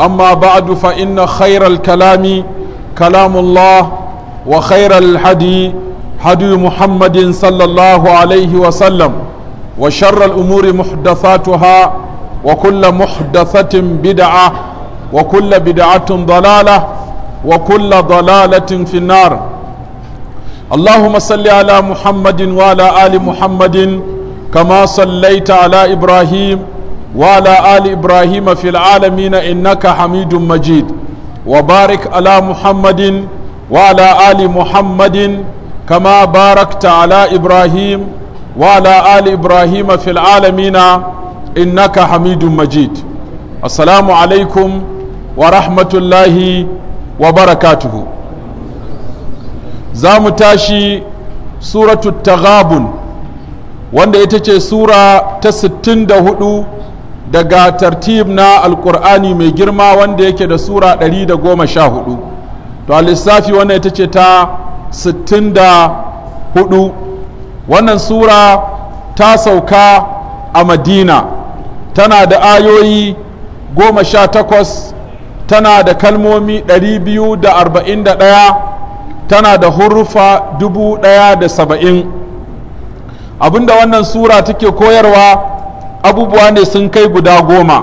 أما بعد فإن خير الكلام كلام الله وخير الحدي حدي محمد صلى الله عليه وسلم وشر الأمور محدثاتها وكل محدثة بدعة وكل بدعة ضلالة وكل ضلالة في النار اللهم صل على محمد وعلى آل محمد كما صليت على إبراهيم وعلى آل إبراهيم في العالمين إنك حميد مجيد وبارك على محمد وعلى آل محمد كما باركت على إبراهيم وعلى آل إبراهيم في العالمين إنك حميد مجيد السلام عليكم ورحمة الله وبركاته زامتاشي سورة التغابن wanda ita ce sura ta 64 daga tartib na alkur'ani mai girma wanda yake da sura 114 to a lissafi wannan ita ce ta 64 wannan sura ta sauka a madina tana da ayoyi 18 tana da kalmomi 241 tana da hurufa dubu da saba'in. abinda wannan sura take koyarwa abubuwa ne sun kai guda goma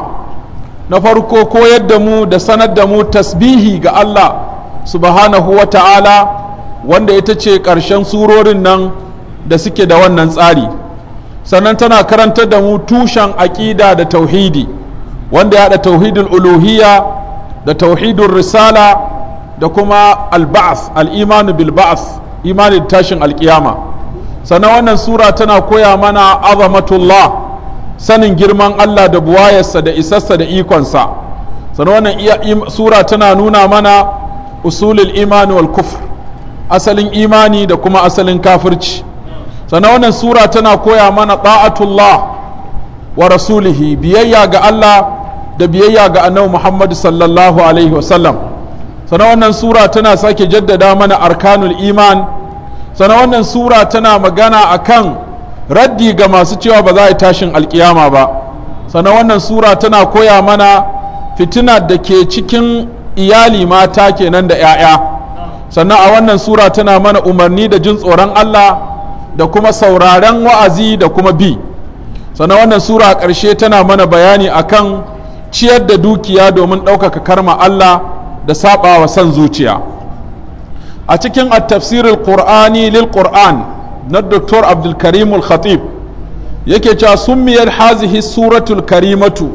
na farko koyar da mu da sanar da mu tasbihi ga Allah subhanahu wa ta'ala wanda ita ce ƙarshen surorin nan da suke da wannan tsari sannan tana karantar da mu tushen aƙida da tauhidi wanda ya da tauhidul uluhiyya da tauhidul risala da kuma alba'as al'imanu bilba'as imanin tashin alƙiyama sannan wannan sura tana koya mana azamatullah sanin girman Allah da buwayarsa da isarsa da ikonsa sannan wannan sura tana nuna mana usulul imani wal kufr asalin imani da kuma asalin kafirci sannan wannan sura tana koya mana ta'atullah wa rasulihi biyayya ga Allah da biyayya ga annabi Muhammad sallallahu alaihi wasallam sannan wannan sura tana sake jaddada mana arkanul iman sannan wannan sura tana magana akan raddi ga masu cewa ba za a yi tashin alkiyama ba sannan wannan sura tana koya mana fitina da ke cikin iyali mata kenan da 'ya'ya sannan a wannan sura tana mana umarni da jin tsoron allah da kuma sauraren wa'azi da kuma bi sannan wannan sura a ƙarshe tana mana bayani akan ciyar da dukiya domin ɗaukaka karma allah da saɓa wa son zuciya a cikin at-tafsirul qur'ani lil qur'an na Dr. Abdulkarim al-Khatib yake cewa summiyar hazihi suratul karimatu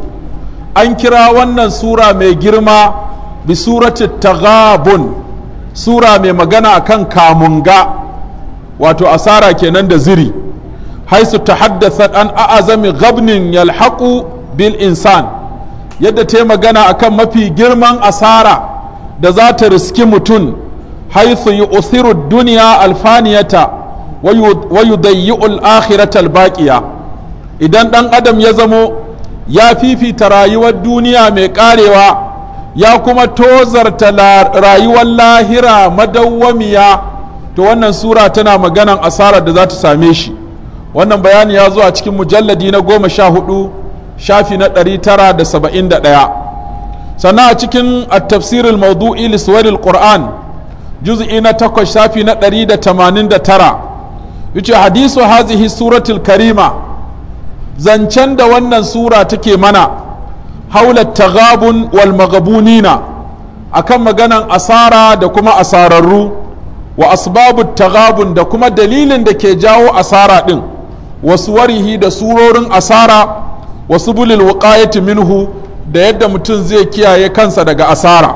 an kira wannan sura mai girma bi suratul taghabun sura mai magana akan kamunga wato asara kenan da ziri haisu ta haddasa an a'azami gabnin yalhaqu bil insan yadda ta magana akan mafi girman asara da za ta riski mutum haisu yi duniya alfaniyata wa yudayyi'ul akhiratal baqiya idan dan adam ya zamo ya fifita rayuwar duniya mai karewa ya kuma tozarta rayuwar lahira madawwamiya to wannan sura tana maganan asarar da za ta same shi wannan bayani ya zo a cikin mujalladi na goma sha hudu shafi na ɗari tara da saba'in da ɗaya sannan a cikin tafsirin maudu'i liswaril qur'an juz'i na takwas shafi na ɗari da tamanin da tara yace hadisu hazihi suratul karima zancen da wannan sura take mana haula taghabun wal maghbunina akan maganan asara da kuma asararru wa asbabu taghabun da kuma dalilin da ke jawo asara din wasu warihi da surorin asara wasu bulil wuqayati minhu da yadda mutum zai kiyaye kansa daga asara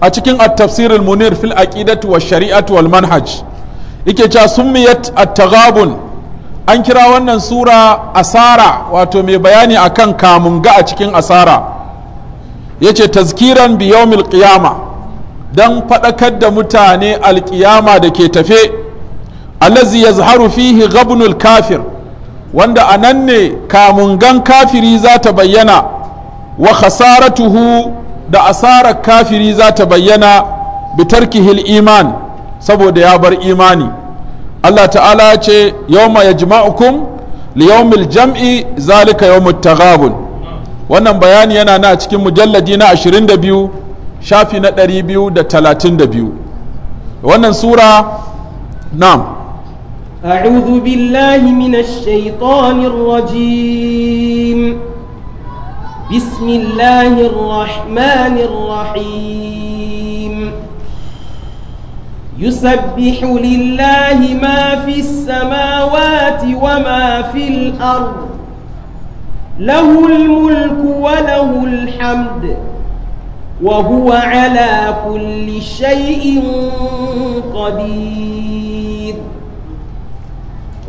a cikin at-tafsirul munir fil aqidati wash shari'ati wal manhaj yake cewa summiyat at-taghabun an kira wannan sura asara wato mai bayani akan kamunga a cikin asara yace tazkiran bi yawmil qiyama dan fadakar da mutane alkiyama da ke tafe allazi yazharu fihi ghabnul kafir wanda anan ne kamungan kafiri za ta bayyana wa khasaratuhu da asarar kafiri za ta bayyana bitarkihil iman saboda ya bar imani Allah ta'ala ya ce yawma yajma'ukum li yawmil jam'i zalika yawmut taghabun wannan bayani yana na cikin mujalladi na 22 shafi na 232 wannan sura na'am أعوذ بالله من الشيطان الرجيم بسم الله الرحمن الرحيم يسبح لله ما في السماوات وما في الأرض له الملك وله الحمد وهو على كل شيء قدير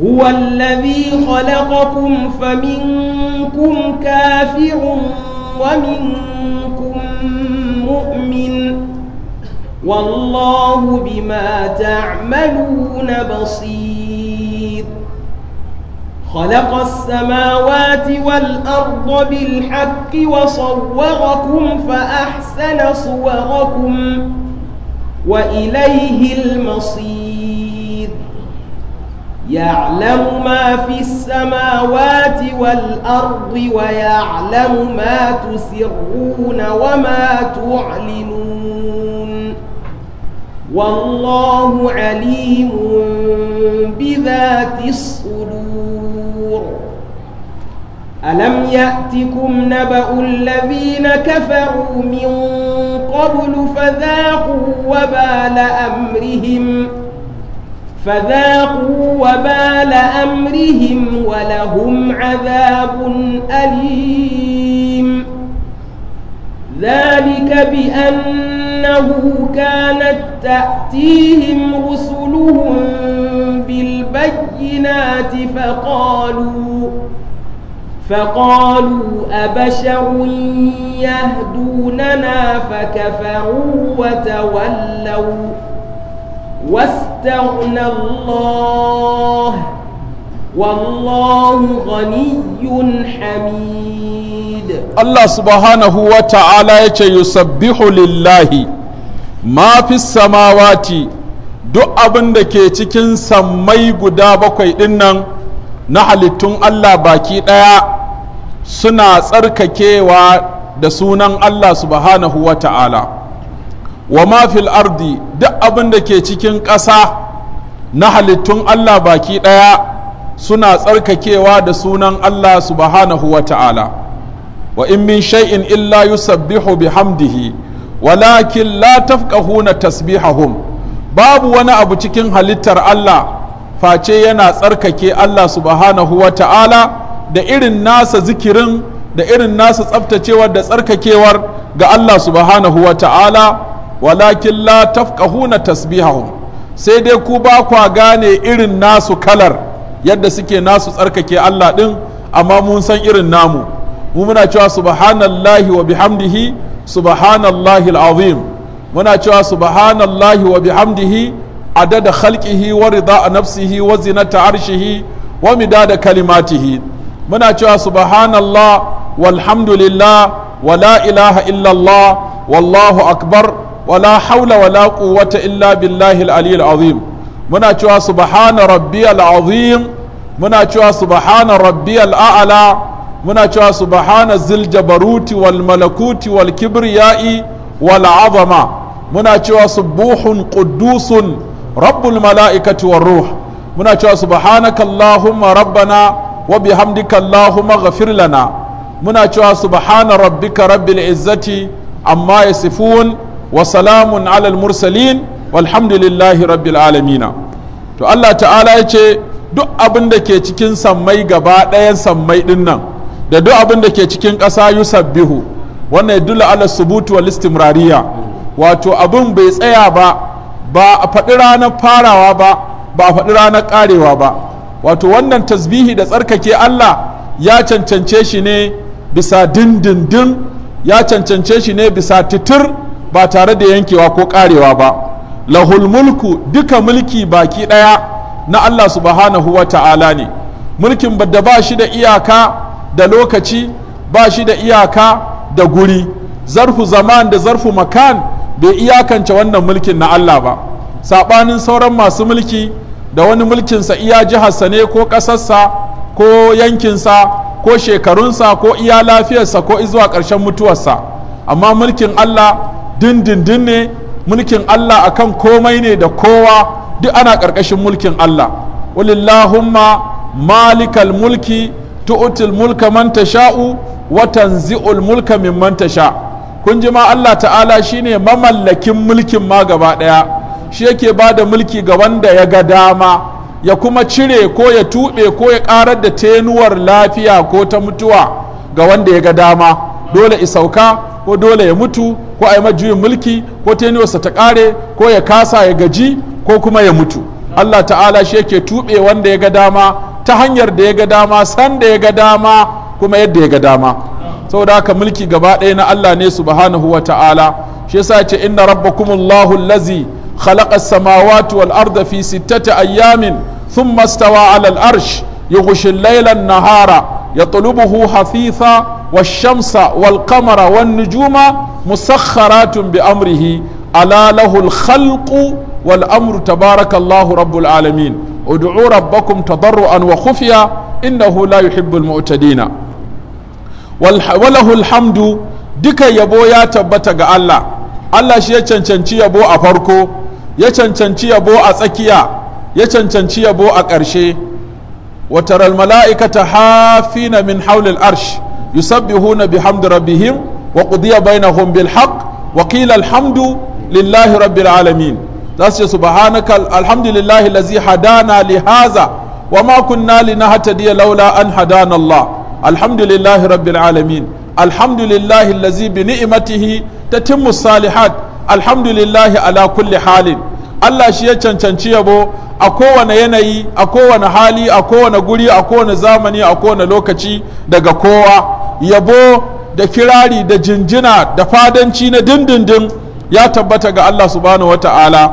هو الذي خلقكم فمنكم كافر ومنكم مؤمن والله بما تعملون بصير خلق السماوات والأرض بالحق وصوركم فأحسن صوركم وإليه المصير يعلم ما في السماوات والأرض ويعلم ما تسرون وما تعلنون والله عليم بذات الصدور ألم يأتكم نبأ الذين كفروا من قبل فذاقوا وبال أمرهم فذاقوا وبال أمرهم ولهم عذاب أليم ذلك بأن إنه كانت تأتيهم رسلهم بالبينات فقالوا فقالوا أبشر يهدوننا فكفروا وتولوا واستغنى الله والله غني حميد الله سبحانه وتعالى يسبح لله ما في السماوات duk abin da ke cikin sammai guda bakwai dinnan na halittun Allah baki ɗaya suna tsarkakewa da sunan Allah subhanahu wa ta'ala wa ma fil ardi duk abin da ke cikin ƙasa na halittun Allah baki ɗaya suna tsarkakewa da sunan Allah subhanahu wa ta'ala wa in min shay'in illa yusabbihu bihamdihi walakin la tafqahuna tasbihahum babu wani abu cikin halittar Allah face yana tsarkake Allah subhanahu wa ta'ala da irin nasa zikirin da irin nasa tsaftacewar da tsarkakewar ga Allah subhanahu wa ta'ala walakin la tafqahuna tasbihahum sai dai ku ba kwa gane irin nasu kalar yadda suke nasu tsarkake Allah ɗin amma mun san irin namu mu muna cewa subhanallahi wa bihamdihi subhanallahi al'azim muna cewa subhanallahi wa bihamdihi adada khalqihi wa rida nafsihi wa zinata arshihi wa midada kalimatihi muna cewa subhanallah walhamdulillah wa la ilaha illallah wallahu akbar wala haula wala quwwata illa billahi al-aliyyil azim muna cewa subhana rabbiyal azim muna cewa subhana rabbiyal a'la muna cewa subhana zil jabaruti wal malakuti wal kibriyai wal azama muna cewa subuhun quddusun rabbul malaikati war ruh muna cewa subhanaka allahumma rabbana wa bihamdika allahumma ghafir lana muna cewa subhana rabbika rabbil izzati amma yasifun wa salamun alal mursalin walhamdulillahi rabbil alamina to Allah ta'ala ya ce duk abin da ke cikin sammai gaba ɗayan sammai ɗin nan da duk abin da ke cikin ƙasa Bihu wannan ya dula ala subutu wal istimrariya wato abin bai tsaya ba ba a faɗi ranar farawa ba ba a faɗi ranar ƙarewa ba wato wannan tasbihi da tsarkake Allah ya cancance shi ne bisa dindindin ya cancance shi ne bisa titir ba tare da yankewa ko ƙarewa ba lahul mulku duka mulki baki ɗaya na Allah subhanahu wa ta'ala ne mulkin da ba shi da iyaka da lokaci ba shi da iyaka da guri zarfu zaman da zarfu makan bai iyakance wannan mulkin na Allah ba saɓanin sauran masu mulki da wani mulkinsa iya jiharsa ne ko ƙasarsa ko yankinsa ko shekarunsa ko iya lafiyarsa ko zuwa ƙarshen mutuwarsa amma mulkin Allah dindindin ne mulkin Allah a kan komai ne da kowa duk ana ƙarƙashin mulkin Allah walillahumma malikal mulki tu'til mulka man tasha'u wa tanzi'ul mulka mimman tasha kun ji ma Allah ta'ala shine mamallakin mulkin ma gaba ɗaya. shi yake ba da mulki ga wanda ya ga dama ya kuma cire ko ya tuɓe ko ya ƙarar da tenuwar lafiya ko ta mutuwa ga wanda ya ga dama dole isauka ko dole ya mutu ko a yi majuyin mulki ko teniyarsa ta kare ko ya kasa ya gaji ko kuma ya mutu Allah ta'ala shi yake tuɓe wanda ya ga dama ta hanyar da ya ga dama san da ya ga dama kuma yadda ya ga dama saboda haka mulki gaba ɗaya na Allah ne subhanahu wa ta'ala shi yasa ce inna rabbakumullahu allazi khalaqa as-samawati wal arda fi sittati ayyamin thumma istawa 'ala al-arsh yughshi al-layla an-nahara yatlubuhu hafitha والشمس والقمر والنجوم مسخرات بأمره ألا له الخلق والأمر تبارك الله رب العالمين ادعوا ربكم تضرعا وخفيا إنه لا يحب المعتدين وله الحمد duka yabo ya tabbata ga Allah Allah shi ya cancanci yabo a farko ya cancanci yabo a tsakiya ya cancanci yabo a ƙarshe wataral mala'ikata hafina min haulil arsh yusabbihuna bihamdi rabbihim wa qudiya bainahum bil haqq wa qila alhamdu lillahi rabbil alamin za su ce subhanaka alhamdulillahi lazi hadana li haza wa ma kunna linahtadiya laula an hadana Allah alhamdulillahi rabbil alamin alhamdulillahi lazi bi ni'matihi tatimmu salihat alhamdulillahi ala kulli halin Allah shi ya cancanci yabo a kowane yanayi a kowane hali a kowane guri a kowane zamani a kowane lokaci daga kowa yabo da kirari da jinjina da fadanci na dindindin ya tabbata ga Allah subhanahu wata'ala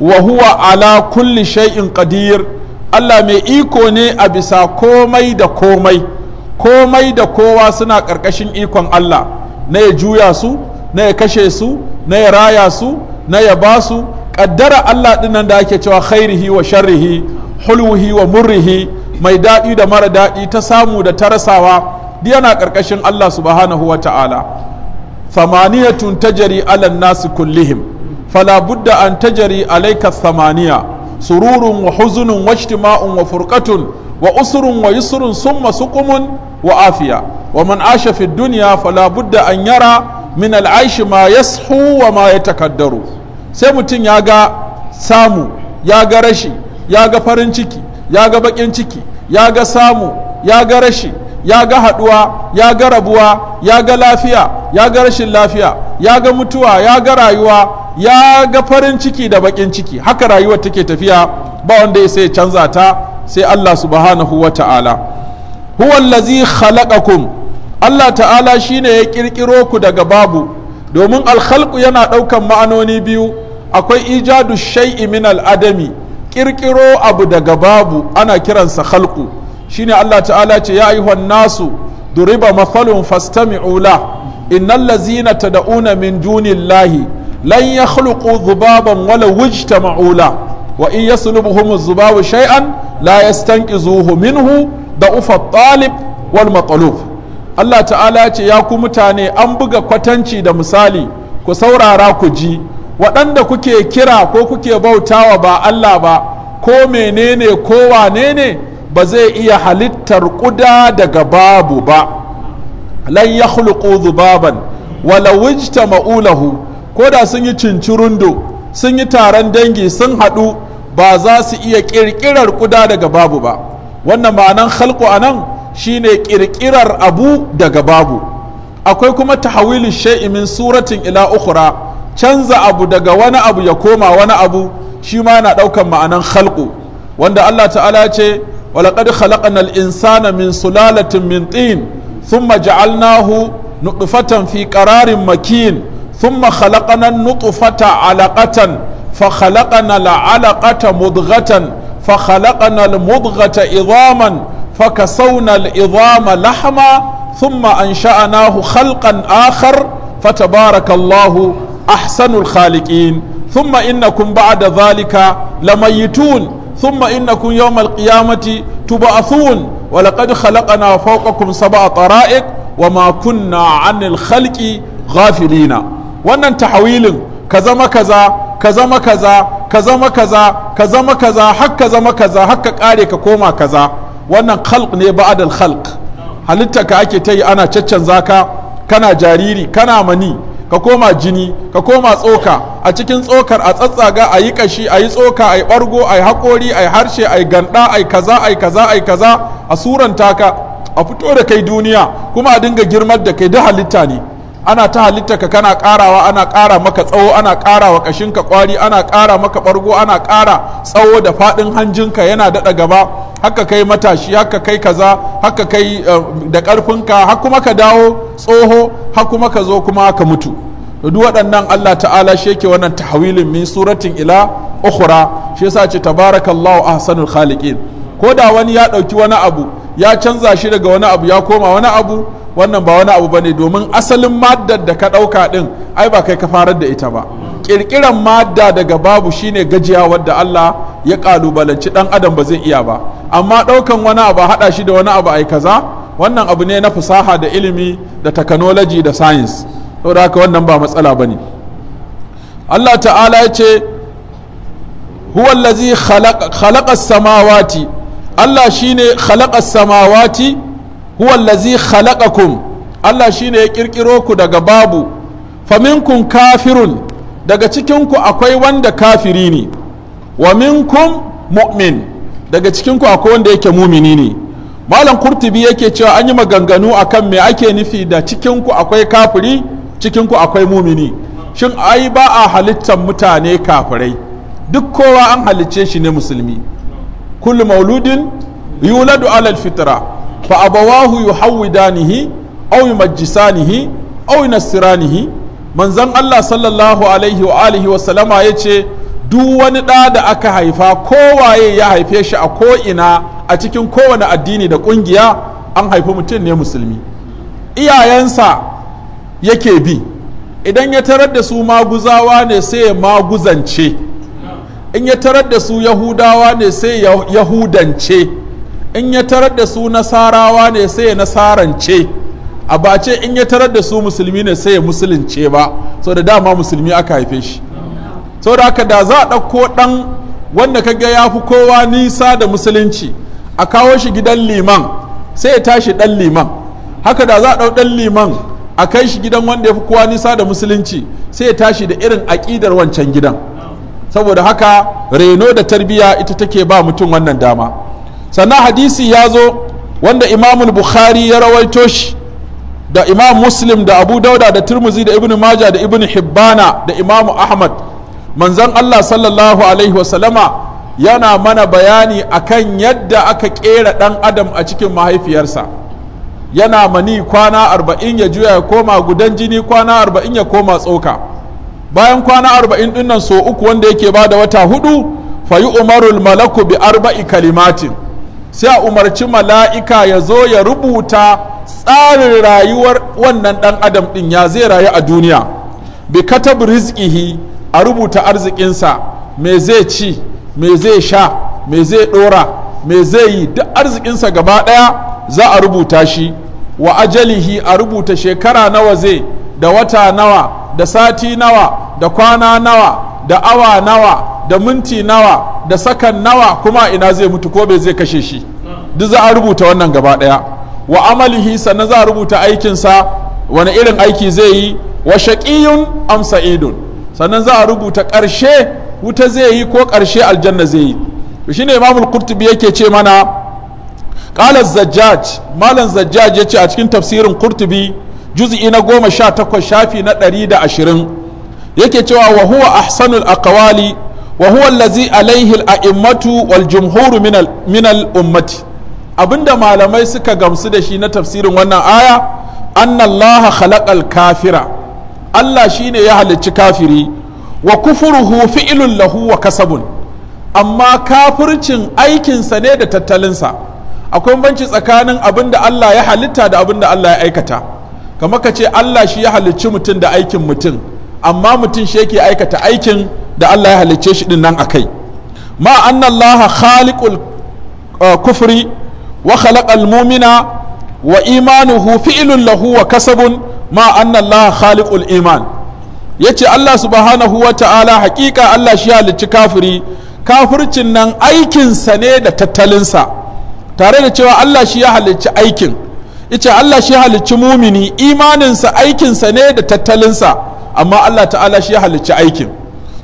wa huwa ala kulli shay'in qadir Allah mai iko ne a bisa komai da komai komai da kowa suna ƙarƙashin ikon Allah na ya juya su na ya kashe su na ya raya su na ya ba su kaddara Allah nan da ake cewa khairihi wa sharrihi hulwihi wa murrihi mai daɗi da mara daɗi ta samu da ta rasawa yana ƙarƙashin Allah subhanahu wa ta'ala tun tajari alan nasu kullihim fala budda an tajari alaika samaniya sururun wa huzunun wa ijtima'un wa furqatun wa usurun wa yusurun summa suqumun wa afiya wa man asha fi dunya fala budda an yara min al'aishi ma yashu wa ma yatakaddaru sai mutum ya ga samu ya ga rashi ya ga farin ciki ya ga bakin ciki ya ga samu ya ga rashi ya ga haduwa ya ga rabuwa ya ga lafiya ya ga rashin lafiya ya ga mutuwa ya ga rayuwa ya ga farin ciki da bakin ciki haka rayuwar take tafiya ba wanda ya sai canza ta sai Allah subhanahu wa ta'ala huwa allazi khalaqakum Allah ta'ala shine ya kirkiro ku daga babu domin alkhalku yana ɗaukan ma'anoni biyu akwai ijadu shay'i min al'adami ƙirƙiro abu daga babu ana kiransa khalƙu. shine Allah ta'ala ce ya ayyuhan nasu duriba mafalun fastami'u la innal ladzina tad'una min dunillahi lan yakhluqu dhubaban wala wujtama'u la wa in yaslubuhum dhubabu shay'an la yastanqizuhu minhu da ufa talib wal matlub Allah ta'ala ya ce ya ku mutane an buga kwatanci da misali ku saurara ku ji waɗanda kuke kira ko kuke bautawa ba Allah ba ko menene ko wane ne ba zai iya halittar ƙuda daga babu ba lan ya zubaban wala wujta ma'ulahu ko da sun yi cincirundo sun yi taron dangi sun haɗu ba za su iya ƙirƙirar ƙuda daga babu ba wannan ma'anan halko a nan shine kirkirar abu daga babu akwai kuma tahawili shay'i min suratin ila ukhra canza abu daga wani abu ya koma wani abu shi ma yana daukan ma'anan khalqu wanda Allah ta'ala ce walaqad khalaqnal insana min sulalatin min tin thumma ja'alnahu nutfatan fi qararin makin thumma khalaqna an-nutfata 'alaqatan fa khalaqna al-'alaqata mudghatan fa khalaqna al-mudghata idhaman فكسونا العظام لحما ثم أنشأناه خلقا آخر فتبارك الله أحسن الخالقين ثم إنكم بعد ذلك لميتون ثم إنكم يوم القيامة تبعثون ولقد خلقنا فوقكم سبع طرائق وما كنا عن الخلق غافلين wannan tahawilin ka zama kaza ka zama kaza ka zama kaza ka zama kaza har ka zama kaza har ka kare ka koma kaza wannan khalq ne ba'adal khalq halitta ka ake ta yi ana caccan ka kana jariri kana mani ka koma jini ka koma tsoka a cikin tsokar a tsatsaga a yi kashi a yi tsoka a yi bargo a yi haƙori a yi harshe a yi ganda a yi kaza a yi kaza a yi kaza a suranta ka a fito da kai duniya kuma a dinga girmar da kai da halitta ne ana ta halitta ka kana karawa ana kara maka tsawo ana kara wa kashinka kwari ana kara maka bargo ana kara tsawo da fadin hanjinka yana daɗa gaba haka kai matashi haka kai kaza haka kai eh, da karfinka har kuma ka dawo tsoho har kuma ka zo kuma ka mutu duk waɗannan Allah ta'ala sheke yake wannan tahawilin min suratin ila ukhra shi yasa ce tabarakallahu ahsanul khaliqin ko da wani ya ɗauki wani abu ya canza shi daga wani abu ya koma wani abu wannan ba wani abu ba ne domin asalin maddar da ka ɗauka ɗin ai ba kai ka farar da ita ba ƙirƙiran madda daga babu shine gajiya wadda Allah ya ƙalubalanci ɗan adam ba zai iya ba amma ɗaukan wani abu haɗa shi da wani abu ai kaza wannan abu ne na fasaha da ilimi da technology da science saboda haka wannan ba matsala ba ne Allah ta'ala ya ce huwa allazi khalaqa samawati Allah shi ne khalaƙar samawati huwa allazi khalaqakum Allah shi ne ya ƙirƙiro ku daga babu faminkum kafirun daga cikinku akwai wanda kafiri ne wa minkum mu'min daga cikinku akwai wanda yake mumini ne malam kurtubi yake cewa an yi maganganu akan me ake nufi da cikinku akwai kafiri cikinku akwai mumini shin ai ba a halittar mutane kafirai duk kowa an halicce shi ne musulmi kullu mauludin yuladu ala alfitra fa abawahu yuhawidanihi aw au aw yunassiranihi manzon Allah sallallahu alaihi wa alihi wa yace duk wani ɗa da aka haifa kowaye ya haife shi a ko'ina a cikin kowane addini da ƙungiya an haifi mutum ne musulmi iyayensa yake bi idan ya tarar da su maguzawa ne sai ya maguzance in ya tarar da su yahudawa ne sai yahudance in ya tarar da su nasarawa ne sai ya nasarance a bace in ya tarar da su musulmi ne sai ya musulunce ba so da dama musulmi aka haife shi so da haka da za a ɗauko ɗan wanda kaga ya fi kowa nisa da musulunci a kawo shi gidan liman sai ya tashi ɗan liman haka da za a ɗau ɗan liman a kai shi gidan wanda ya fi kowa nisa da musulunci sai ya tashi da irin aƙidar wancan gidan saboda haka reno da tarbiya ita take ba mutum wannan dama sannan hadisi ya zo wanda imamul bukhari ya rawaito shi da imam muslim da abu dauda da turmuzi da ibn maja da ibn hibbana da imamu ahmad manzan allah sallallahu alaihi wasallama yana mana bayani akan yadda aka kera dan adam a cikin mahaifiyarsa yana mani kwana arba'in ya juya ya koma gudan jini kwana arba'in ya koma tsoka bayan kwana arba'in dinnan so uku wanda yake ba da wata hudu fayi umarul malaku bi arba'i kalimatin sai a umarci mala'ika ya zo ya rubuta tsarin rayuwar wannan dan adam din ya zai rayu a duniya bi katab rizqihi a rubuta arzikinsa me zai ci me zai sha me zai dora me zai yi duk arzikinsa gaba daya za a rubuta shi wa ajalihi a rubuta shekara nawa zai da wata nawa da sati nawa da kwana nawa da awa nawa da minti nawa da sakan nawa kuma ina zai mutu ko bai zai kashe shi duk za a rubuta wannan gaba daya wa amalihi sannan za a rubuta aikinsa wani irin aiki zai yi wa shaqiyun am sa'idun sannan za a rubuta ƙarshe wuta zai yi ko karshe aljanna zai yi to shine al qurtubi yake ce mana qala zajjaj malam zajjaj yace a cikin tafsirin qurtubi juz'i na goma sha takwas shafi na ɗari da ashirin yake cewa wa huwa ahsanul aqwali wa huwa allazi alaihi a'immatu wal jumhuru min al ummati abinda malamai suka gamsu da shi na tafsirin wannan aya annallaha khalaqal kafira Allah shine ya halicci kafiri wa kufuruhu fi'lun lahu wa kasabun amma kafircin aikinsa ne da tattalinsa akwai banci tsakanin abinda Allah ya halitta da abinda Allah ya aikata kamar ka ce Allah shi ya halicci mutum da aikin mutum amma mutum shi yake aikata aikin da Allah ya halicce shi din nan akai ma anna Allah khaliqul uh, kufri wa khalaqal mu'mina wa imanuhu fi'lun lahu wa kasabun ma anna Allah khaliqul iman yace Allah subhanahu wa ta'ala hakika Allah shi halicci kafiri kafircin nan aikinsa ne da tattalinsa tare da cewa Allah shi ya halicci aikin ita Allah shi halicci mumini imaninsa aikinsa ne da tattalinsa amma Allah ta'ala shi halicci aikin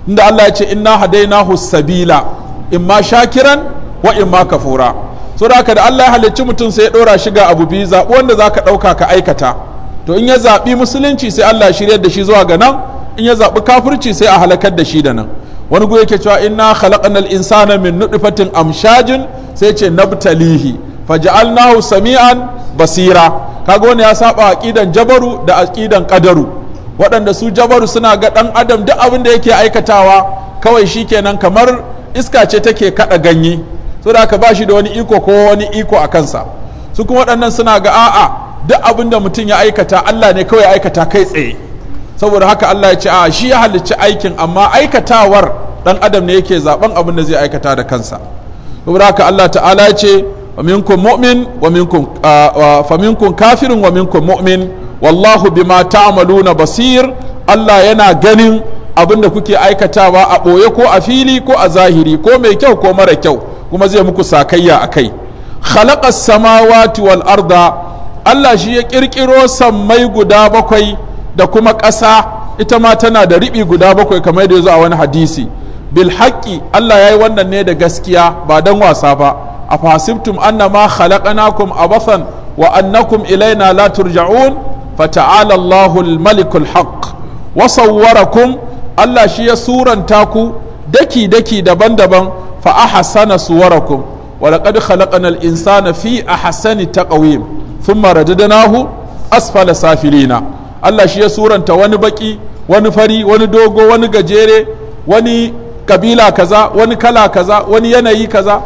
inda Allah ya ce inna hu sabila imma shakiran wa imma kafura so da haka da Allah ya halicci mutum sai ya dora shi ga abu biyu zaɓi wanda za ka ɗauka ka aikata to in ya zaɓi musulunci sai Allah shiryar da shi zuwa ga nan in ya zaɓi kafirci sai a halakar da shi da nan wani goyi yake cewa inna khalaqnal insana min nutfatin amshajin sai ce nabtalihi faj'alnahu sami'an basira kaga wani ya saba aqidan jabaru da aqidan qadaru waɗanda su jabaru suna ga ɗan adam duk abin da yake aikatawa kawai shi shikenan kamar iska ce take kaɗa ganye so da aka ba shi da wani iko ko wani iko a kansa su kuma waɗannan suna ga a'a duk abin da mutum ya aikata Allah ne kawai aikata kai tsaye saboda haka Allah ya ce a shi ya halicci aikin amma aikatawar ɗan adam ne yake zaben abin da zai aikata da kansa saboda haka Allah ta'ala ya ce ومنكم مؤمن ومنكم آه فمنكم كافر ومنكم مؤمن والله بما تعملون بصير الله ينا غنين abin da kuke aikatawa a ɓoye ko a fili ko a zahiri ko mai kyau ko mara kyau kuma zai muku sakayya a kai khalaqa samawati wal arda Allah shi ya kirkiro sammai guda bakwai da kuma ƙasa ita ma tana da riɓi guda bakwai kamar da ya zo a wani hadisi bil haƙƙi Allah ya yi wannan ne da gaskiya ba don wasa ba afasibtum annama a abathan wa annakum ilaina la turja'un fata'ala Allahu al-malikul haqq wa Allah shi ya suranta ku daki daki daban-daban fa ahsana suwarakum wa laqad khalaqnal insana fi a Hassani ta ahsani taqwim thumma radadnahu asfala safilina Allah shi ya suranta wani baki wani fari wani dogo wani gajere wani kabila kaza wani kala kaza wani yanayi kaza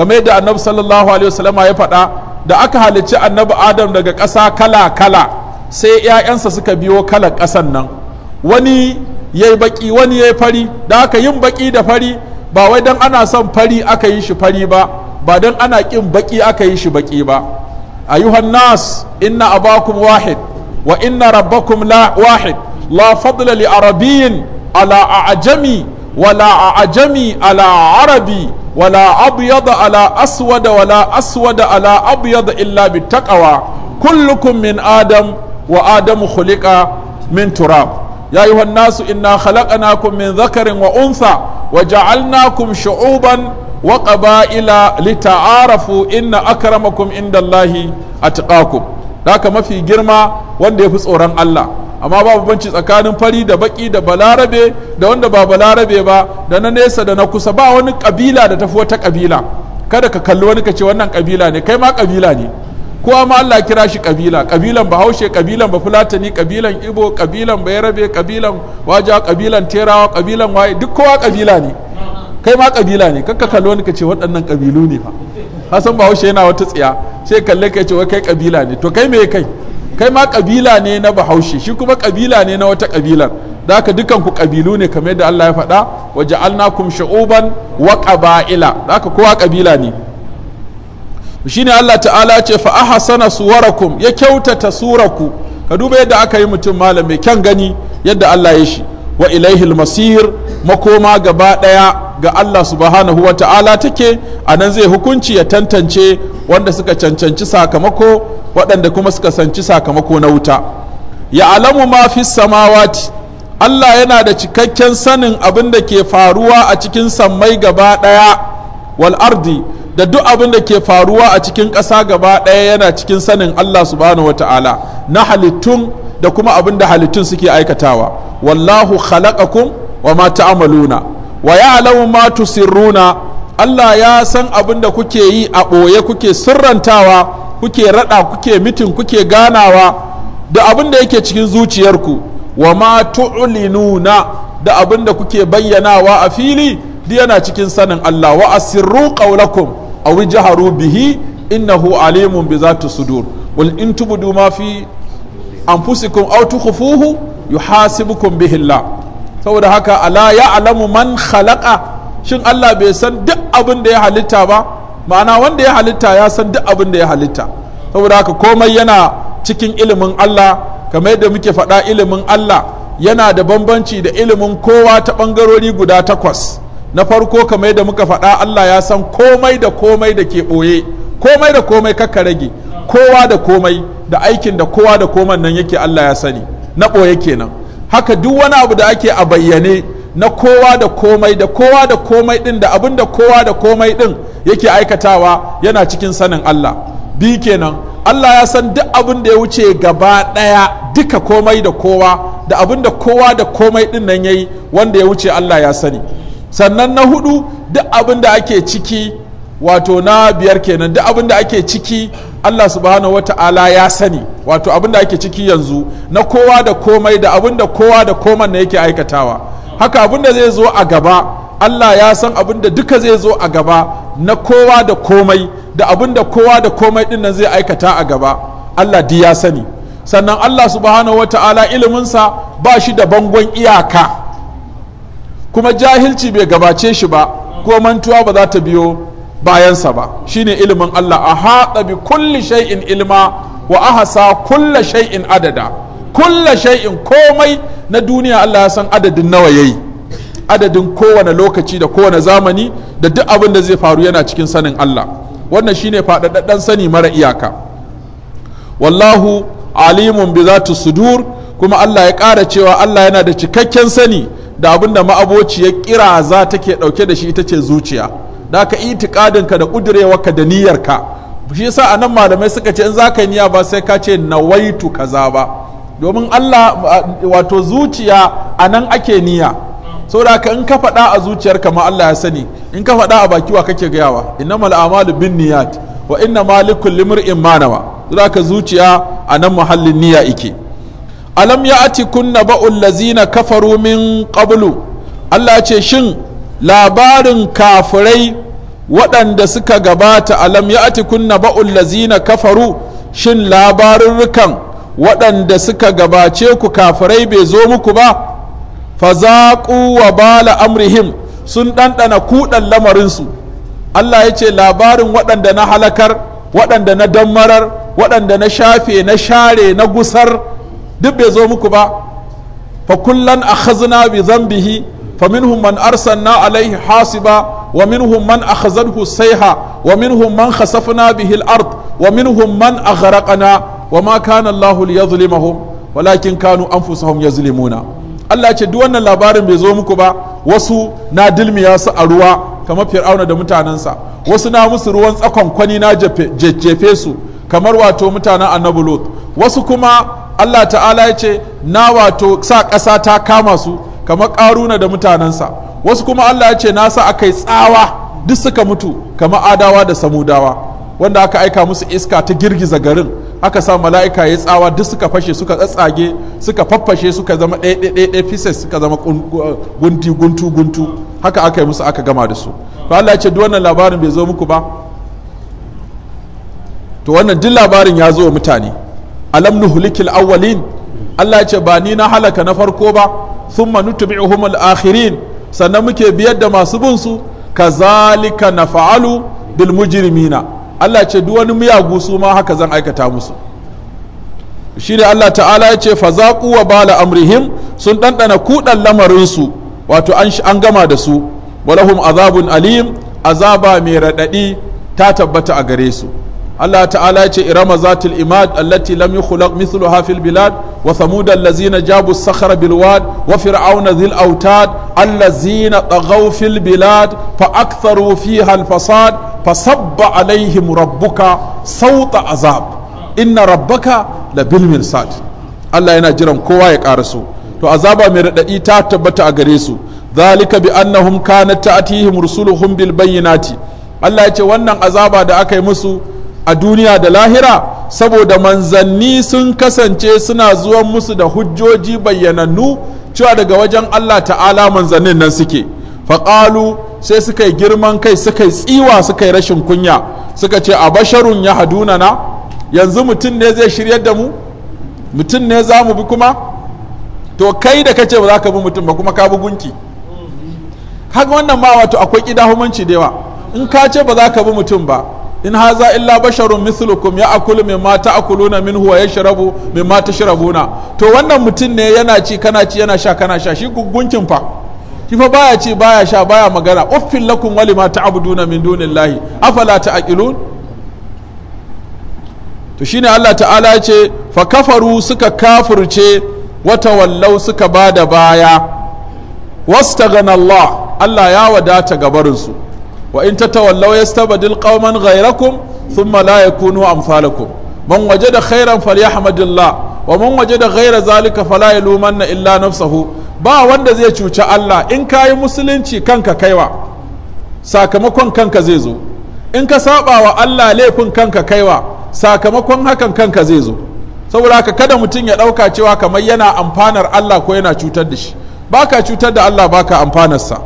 kamar yadda annabi sallallahu alaihi wasallam ya faɗa da aka halicci annabi adam daga ƙasa kala kala sai 'ya'yansa suka biyo kalar ƙasan nan wani ya yi baƙi wani ya yi fari da aka yin baƙi da fari ba wai don ana son fari aka yi shi fari ba ba don ana ƙin baƙi aka yi shi baƙi ba ayuhan nas inna abakum wahid wa inna rabbakum la wahid la fadla li arabiyyin ala a'jami wala ajami ala arabi wala abyada ala aswad wala aswad ala abyada illa bittaqwa kullukum min adam wa adamu khuliqa min tura. ya ayuhan nasu inna khalaqnakum min dhakarin wa untha waja'alnakum shu'uban wa qaba'ila lita'arafu inna akramakum indallahi atqakum haka mafi girma wanda yafi tsoron Allah amma ba banci tsakanin fari da baki da balarabe da wanda ba balarabe ba da na nesa da na kusa ba wani kabila da tafi wata kabila kada ka kalli wani ka ce wannan kabila ne kai ma kabila ne kowa ma Allah kira shi kabila kabilan bahaushe kabilan bafulatani kabilan ibo kabilan bayarabe kabilan waja kabilan terawa kabilan waye duk kowa kabila ne kai ma kabila ne kakka kalli wani ka ce waɗannan kabilu ne fa hasan bahaushe yana wata tsiya sai kalle ka ce wai kai kabila ne to kai me kai kai ma kabila ne na bahaushe shi kuma kabila ne na wata kabilar da haka dukan ku kabilu ne kamar yadda Allah ya faɗa wa ja'alnakum shu'uban wa qaba'ila da haka kowa kabila ne shine Allah ta'ala ce fa ahsana suwarakum ya kyautata suraku ka duba yadda aka yi mutum malam mai kyan gani yadda Allah ya shi wa ilaihil masir makoma gaba daya ga Allah subhanahu wa ta'ala take a nan zai hukunci ya tantance wanda suka cancanci sakamako waɗanda kuma suka sanci sakamako na wuta ya alamu ma fi samawati Allah yana da cikakken sanin abin da ke faruwa a cikin sammai gaba ɗaya wal ardi da duk abin da ke faruwa a cikin ƙasa gaba ɗaya yana cikin sanin Allah subhanahu wa ta'ala na halittun da kuma abin da halittun suke aikatawa wallahu khalaqakum wa ma ta'amaluna wa alamu ma tusirruna Allah ya san abin da kuke yi a ɓoye kuke sirrantawa kuke raɗa kuke mitin kuke ganawa da abin da yake cikin zuciyarku wa ma tu'linuna da abin da kuke bayyanawa a fili duk yana cikin sanin Allah wa asirru qawlakum aw jaharu bihi innahu alimun bi zati sudur wal in tubdu ma fi anfusikum aw tukhfuhu yuhasibukum bihi Allah saboda haka ala ya alamu man khalaqa shin Allah bai san duk abin da ya halitta ba ma'ana wanda ya halitta ya san duk abin da ya halitta saboda haka komai yana cikin ilimin Allah kamar yadda muke faɗa ilimin Allah yana da bambanci da ilimin kowa ta ɓangarori guda takwas na farko kamar yadda muka faɗa Allah ya san komai da komai da ke ɓoye komai da komai kakka rage kowa da komai da aikin da kowa da koman nan yake Allah ya sani na ɓoye kenan haka duk wani abu da ake a bayyane na kowa da komai da kowa da komai din da abin da kowa da komai din yake aikatawa yana cikin sanin Allah bi kenan Allah ya san duk abin da ya wuce gaba ɗaya duka komai da kowa da abin da kowa da komai din nan yayi wanda ya wuce Allah ya sani sannan na hudu duk abin da ake ciki wato na biyar kenan duk abin da ake ciki Allah subhanahu wata'ala ya sani wato abinda ake ciki yanzu na kowa da komai da abinda kowa da koman na yake aikatawa haka abin da zai zo a gaba Allah ya san abin duka zai zo a gaba na kowa da komai da abinda da kowa da komai din zai aikata a gaba Allah di ya sani sannan Allah subhanahu wata'ala iliminsa ba shi da bangon iyaka kuma jahilci bai gabace shi ba ko mantuwa ba za ta biyo bayansa ba shine ilimin Allah a haɗa bi kulli shay'in ilma wa ahasa kulla shay'in adada kulla shay'in komai na duniya Allah ya san adadin nawa yayi adadin kowane lokaci da kowane zamani da duk abin da zai faru yana cikin sanin Allah wannan shine faɗaɗɗen sani mara iyaka wallahu alimun bi sudur kuma Allah ya ƙara cewa Allah yana da cikakken sani da abin da ma'aboci ya kira za take ɗauke da shi ita ce zuciya da ka ka da kudurewarka da niyyar ka shi yasa anan malamai suka ce in za ka yi niyya ba sai ka ce nawaitu kaza ba domin Allah wato zuciya anan ake niyya saboda ka in ka faɗa a zuciyar ka ma Allah ya sani in ka faɗa a baki wa kake gayawa ina a'malu bin niyyat wa inna in mana imrin ma nawa saboda zuciya anan muhallin niyya ike alam kunna ba'ul ladzina kafaru min qablu Allah ya ce shin labarin kafirai waɗanda suka gabata alam ya ati kunna ba'ul lazina kafaru shin labarurrukan waɗanda suka gabace ku kafirai bai zo muku ba fazaƙu wa bala amrihim sun ɗanɗana kuɗan lamarinsu Allah ya ce labarin waɗanda na halakar waɗanda na dammarar waɗanda na shafe na share na gusar duk bai zo muku ba fa kullan a bi zambihi فمنهم من أرسلنا عليه حاصبا ومنهم من أخذته السيحة ومنهم من bihil art. Wa ومنهم من أغرقنا وما كان الله ليظلمهم walakin kanu anfusahum yazlimuna Allah ce duk wannan labarin bai zo muku ba wasu na dilmiya a ruwa kamar fir'auna da mutanensa wasu na musu ruwan tsakon kwani na jejjefe su kamar wato mutanen annabi lot wasu kuma Allah ta'ala ya ce na wato sa ƙasa ta kama su kamar karuna da mutanensa wasu kuma Allah ya ce nasa aka yi tsawa duk suka mutu kamar adawa da samudawa wanda aka aika musu iska ta girgiza garin aka sa mala'ika ya tsawa duk suka fashe suka tsatsage suka faffashe suka zama ɗaya pieces suka zama gunti guntu guntu haka aka yi musu aka gama da su to Allah ya ce duk wannan labarin bai zo muku ba to wannan duk labarin ya zo wa mutane alam nuhlikil awwalin Allah ya ce ba ni na halaka na farko ba thumma nutbi'uhum al sannan muke biyar da masu bin su kazalika fa'alu bil mujrimina Allah ce duk wani miyagu su ma haka zan aikata musu shi ne Allah ta'ala ya ce fazaƙu wa bala amrihim sun ɗanɗana kuɗan lamarinsu wato an gama da su walahum azabun alim azaba mai raɗaɗi ta tabbata a gare su Allah ta'ala ce irama zatil imad allati lam yukhlaq mithluha fil bilad wa thamud allazina jabu sakhra bil wad wa fir'auna dhil autad allazina taghaw fil bilad fa aktharu fiha al fasad fasabba alaihim rabbuka sauta azab inna rabbaka la mirsad Allah yana jiran kowa ya karasu to azaba mai radadi ta tabbata a gare su zalika bi annahum kanat ta'tihim rusuluhum bil bayyinati Allah ya ce wannan azaba da aka yi musu a duniya da lahira saboda manzanni sun kasance suna zuwan musu da hujjoji bayyanannu cewa daga wajen Allah ta'ala manzannin nan suke faƙalu sai suka yi girman kai suka yi tsiwa suka yi rashin kunya suka ce a basharun ya haduna na yanzu mutum ne zai shiryar da mu mutum ne za mu bi kuma to kai da kace ba za ka bi mutum ba kuma ka bi gunki haka wannan ma wato akwai ƙidahumanci da yawa in ka ce ba za ka bi mutum ba in haza illa basharun mislukum ya akulu mimma ta'kuluna minhu wa yashrabu mimma tashrabuna to wannan mutum ne yana ci kana ci yana sha kana sha shi gunkin fa shi fa baya ci baya sha baya magana uffil lakum wa lima ta'buduna min dunillahi afala ta'qilun to shine Allah ta'ala ce fa kafaru suka kafurce wata wallau suka bada baya wastaghana Allah Allah ya wadata gabarinsu wa in tatawallaw yastabdil qauman ghayrakum thumma la yakunu amsalakum man wajada khairan falyahmadillah wa man da ghayra zalika fala yalumanna illa nafsahu ba wanda zai cuci Allah in kayi musulunci kanka kaiwa sakamakon kanka zai zo in ka saba wa Allah laifin kanka kaiwa sakamakon hakan kanka zai zo saboda haka kada mutum ya ɗauka cewa kamar yana amfanar Allah ko yana cutar da shi baka cutar da Allah baka amfanarsa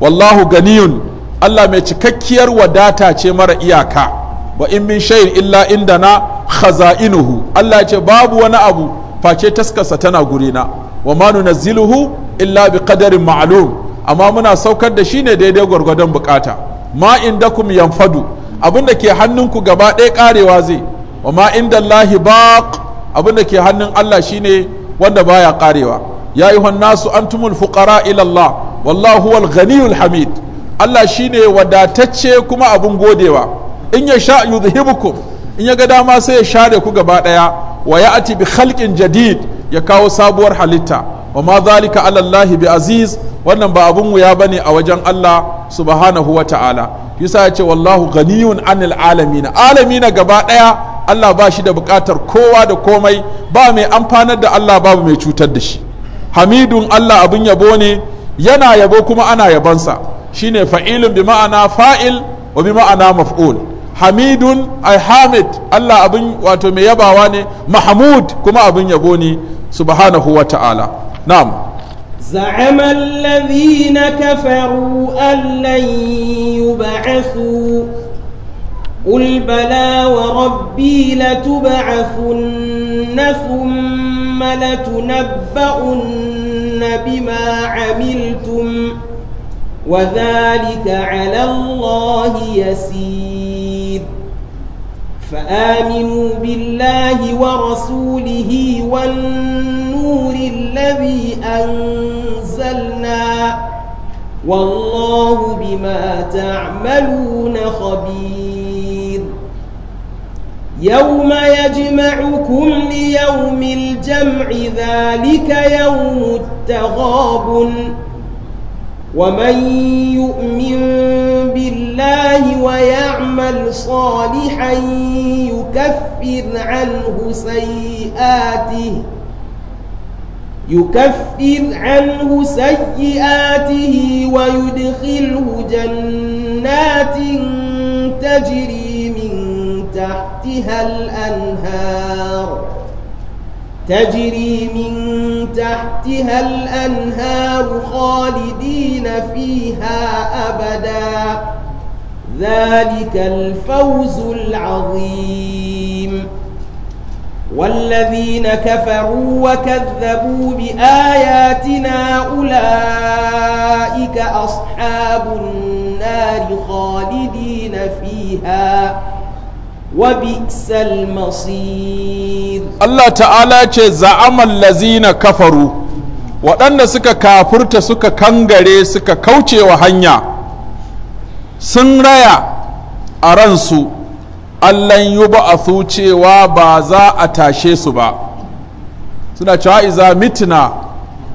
wallahu ganiyun Allah mai cikakkiyar wadata ce mara iyaka wa in min shay'in illa inda na khaza'inuhu Allah ce babu wani abu face taskasa tana gurina wa ma nunazziluhu illa bi qadarin ma'lum amma muna saukar da shi ne daidai gwargwadon bukata ma indakum yanfadu abin da ke hannunku gaba ɗaya karewa zai wa ma inda lahi baq abinda ke hannun Allah shine wanda baya karewa ya ayyuhan nasu antumul fuqara ila Allah wallahu wal ghaniyul hamid Allah shi ne wadatacce kuma abun godewa in ya sha yuzhibukum in ya ga dama sai ya share ku gaba daya wa ya'ti bi khalqin jadid ya kawo sabuwar halitta wa ma zalika ala Allah bi aziz wannan ba abun wuya bane a wajen Allah subhanahu wa ta'ala yasa ya ce wallahu ghaniyun anil alamin alamina gaba daya Allah ba shi da bukatar kowa da komai ba mai amfanar da Allah babu mai cutar da shi hamidun Allah abin yabo ne yana yabo kuma ana yabonsa shine fa'ilun bi ma'ana fa'il wa bi ma'ana maf'ul hamidun ai hamid Allah abin wato mai yabawa ne mahmud kuma abin yabo ne subhanahu wa ta'ala na'am زعم الذين كفروا أن لن يبعثوا قل بلى وربي لتبعثن ثم لتنبؤن بما عملتم وذلك على الله يسير فآمنوا بالله ورسوله والنور الذي أنزلنا والله بما تعملون خبير يوم يجمعكم ليوم الجمع ذلك يوم التغابن ومن يؤمن بالله ويعمل صالحا يكفر عنه سيئاته يكفر عنه سيئاته ويدخله جنات تجري من تحتها الأنهار تجري من تحتها الأنهار خالدين فيها أبدا ذلك الفوز العظيم والذين كفروا وكذبوا بآياتنا أولئك أصحاب النار خالدين فيها Allah ta'ala ce za'amal lazina kafaru waɗanda suka kafurta suka kangare suka kauce wa hanya sun raya a ransu allan yi ba'athu cewa ba za a tashe su ba suna cewa iza mitina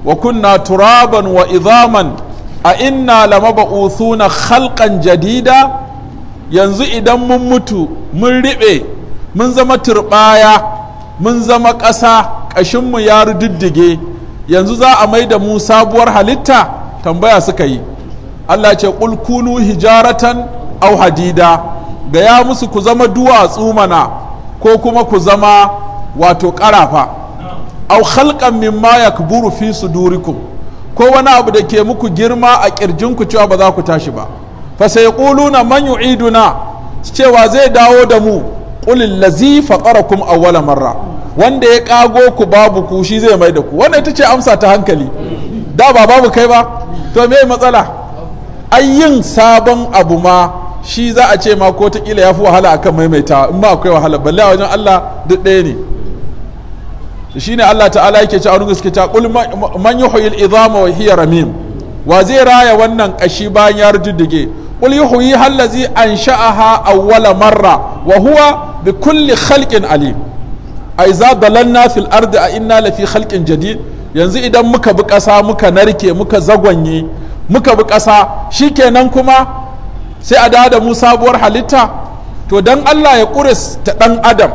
wa kunna turaban wa izaman a inna lamaba'uthuna khalqan jadida yanzu idan mun mutu mun riɓe mun zama turɓaya mun zama ƙasa ƙashinmu ya rududdige yanzu za a mai da mu sabuwar halitta tambaya suka yi allah ce ƙulkunu hijaratan au hadida gaya musu ku zama duwatsu mana ko kuma ku zama wato ƙarafa au halkan mimma yakburu fi sudurikum ko wani abu da ke muku girma a ƙirjinku cewa ba za ku tashi ba fa sayquluna man yu'iduna cewa zai dawo da mu qulil ladzi faqarakum awwala marra wanda ya kago ku babu ku shi zai mai da ku wannan ita ce amsa ta hankali da ba babu kai ba to me matsala ayyin sabon abu ma shi za a ce ma ko ta ya fi wahala akan maimaita in ma akwai wahala balle a wajen Allah duk ɗaya ne ne Allah ta'ala yake ci a wani ke ta qul man yuhyil idhama wa hiya ramim wa zai raya wannan ƙashi bayan ya rujuddige qul yuhyiha allazi ansha'aha awwala marra wa huwa bikulli khalƙin khalqin alim a iza dalanna fil ardi a inna lafi khalqin jadid yanzu idan muka bi ƙasa muka narke muka zagwanye muka bi ƙasa shi shikenan kuma sai a da mu sabuwar halitta to dan Allah ya ƙurista ɗan adam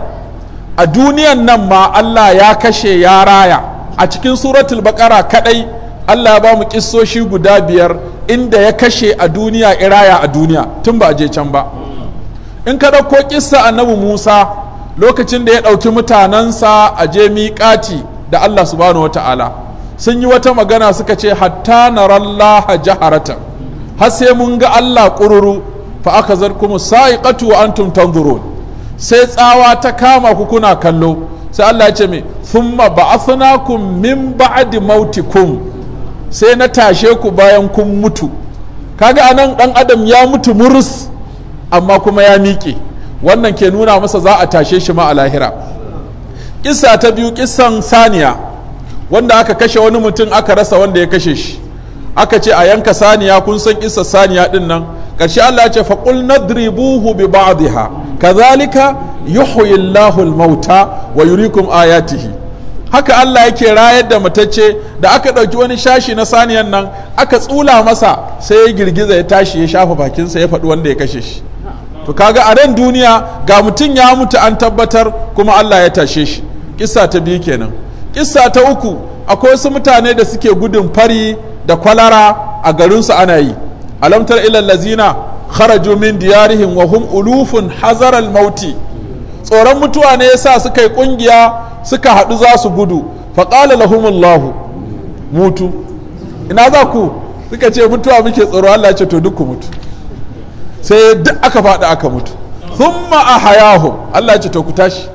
a duniyan nan ma Allah ya kashe ya raya a cikin suratul baƙara kaɗai Allah ba mu kissoshi guda biyar inda ya kashe a duniya iraya a duniya tun ba a je can ba in ka ɗauko kissa annabi Musa lokacin da ya ɗauki mutanensa a je miƙati da Allah subhanahu wata'ala sun yi wata magana suka ce hatta narallaha jaharata har sai mun ga Allah ƙururu fa aka sa'i ƙatu wa antum tanzurun sai tsawa ta kama ku kuna kallo sai Allah ya ce me thumma ba'athnakum min ba'di mautikum sai na tashe ku bayan kun mutu kaga anan dan adam ya mutu murus amma kuma ya miƙe wannan ke nuna masa za a tashe shi ma a lahira kissa ta biyu kissan saniya wanda aka kashe wani mutum aka rasa wanda ya kashe shi aka ce a yanka saniya kun san kissa saniya din nan ƙarshe Allah ya ce faqul nadribuhu bi ba'dihha kadhalika yuhyi Allahu al-mauta wa yurikum ayatihi haka Allah yake rayar da matacce da aka ɗauki wani shashi na saniyan nan aka tsula masa sai ya girgiza ya tashi ya shafa bakinsa ya faɗi wanda ya kashe shi to kaga a ran duniya ga mutum ya mutu an tabbatar kuma Allah ya tashe shi kissa ta biyu kenan kissa ta uku akwai wasu mutane da suke gudun fari da kwalara a garinsu ana yi alamtar ilal lazina kharaju min diyarihim wa hum ulufun hazaral mauti tsoron mutuwa ne yasa suka yi kungiya suka haɗu za su gudu faƙala lahumullahu mutu ina za ku suka ce mutuwa muke tsoro Allah ce to duk ku mutu sai duk aka faɗi aka mutu thumma ahayahum Allah ce to ku tashi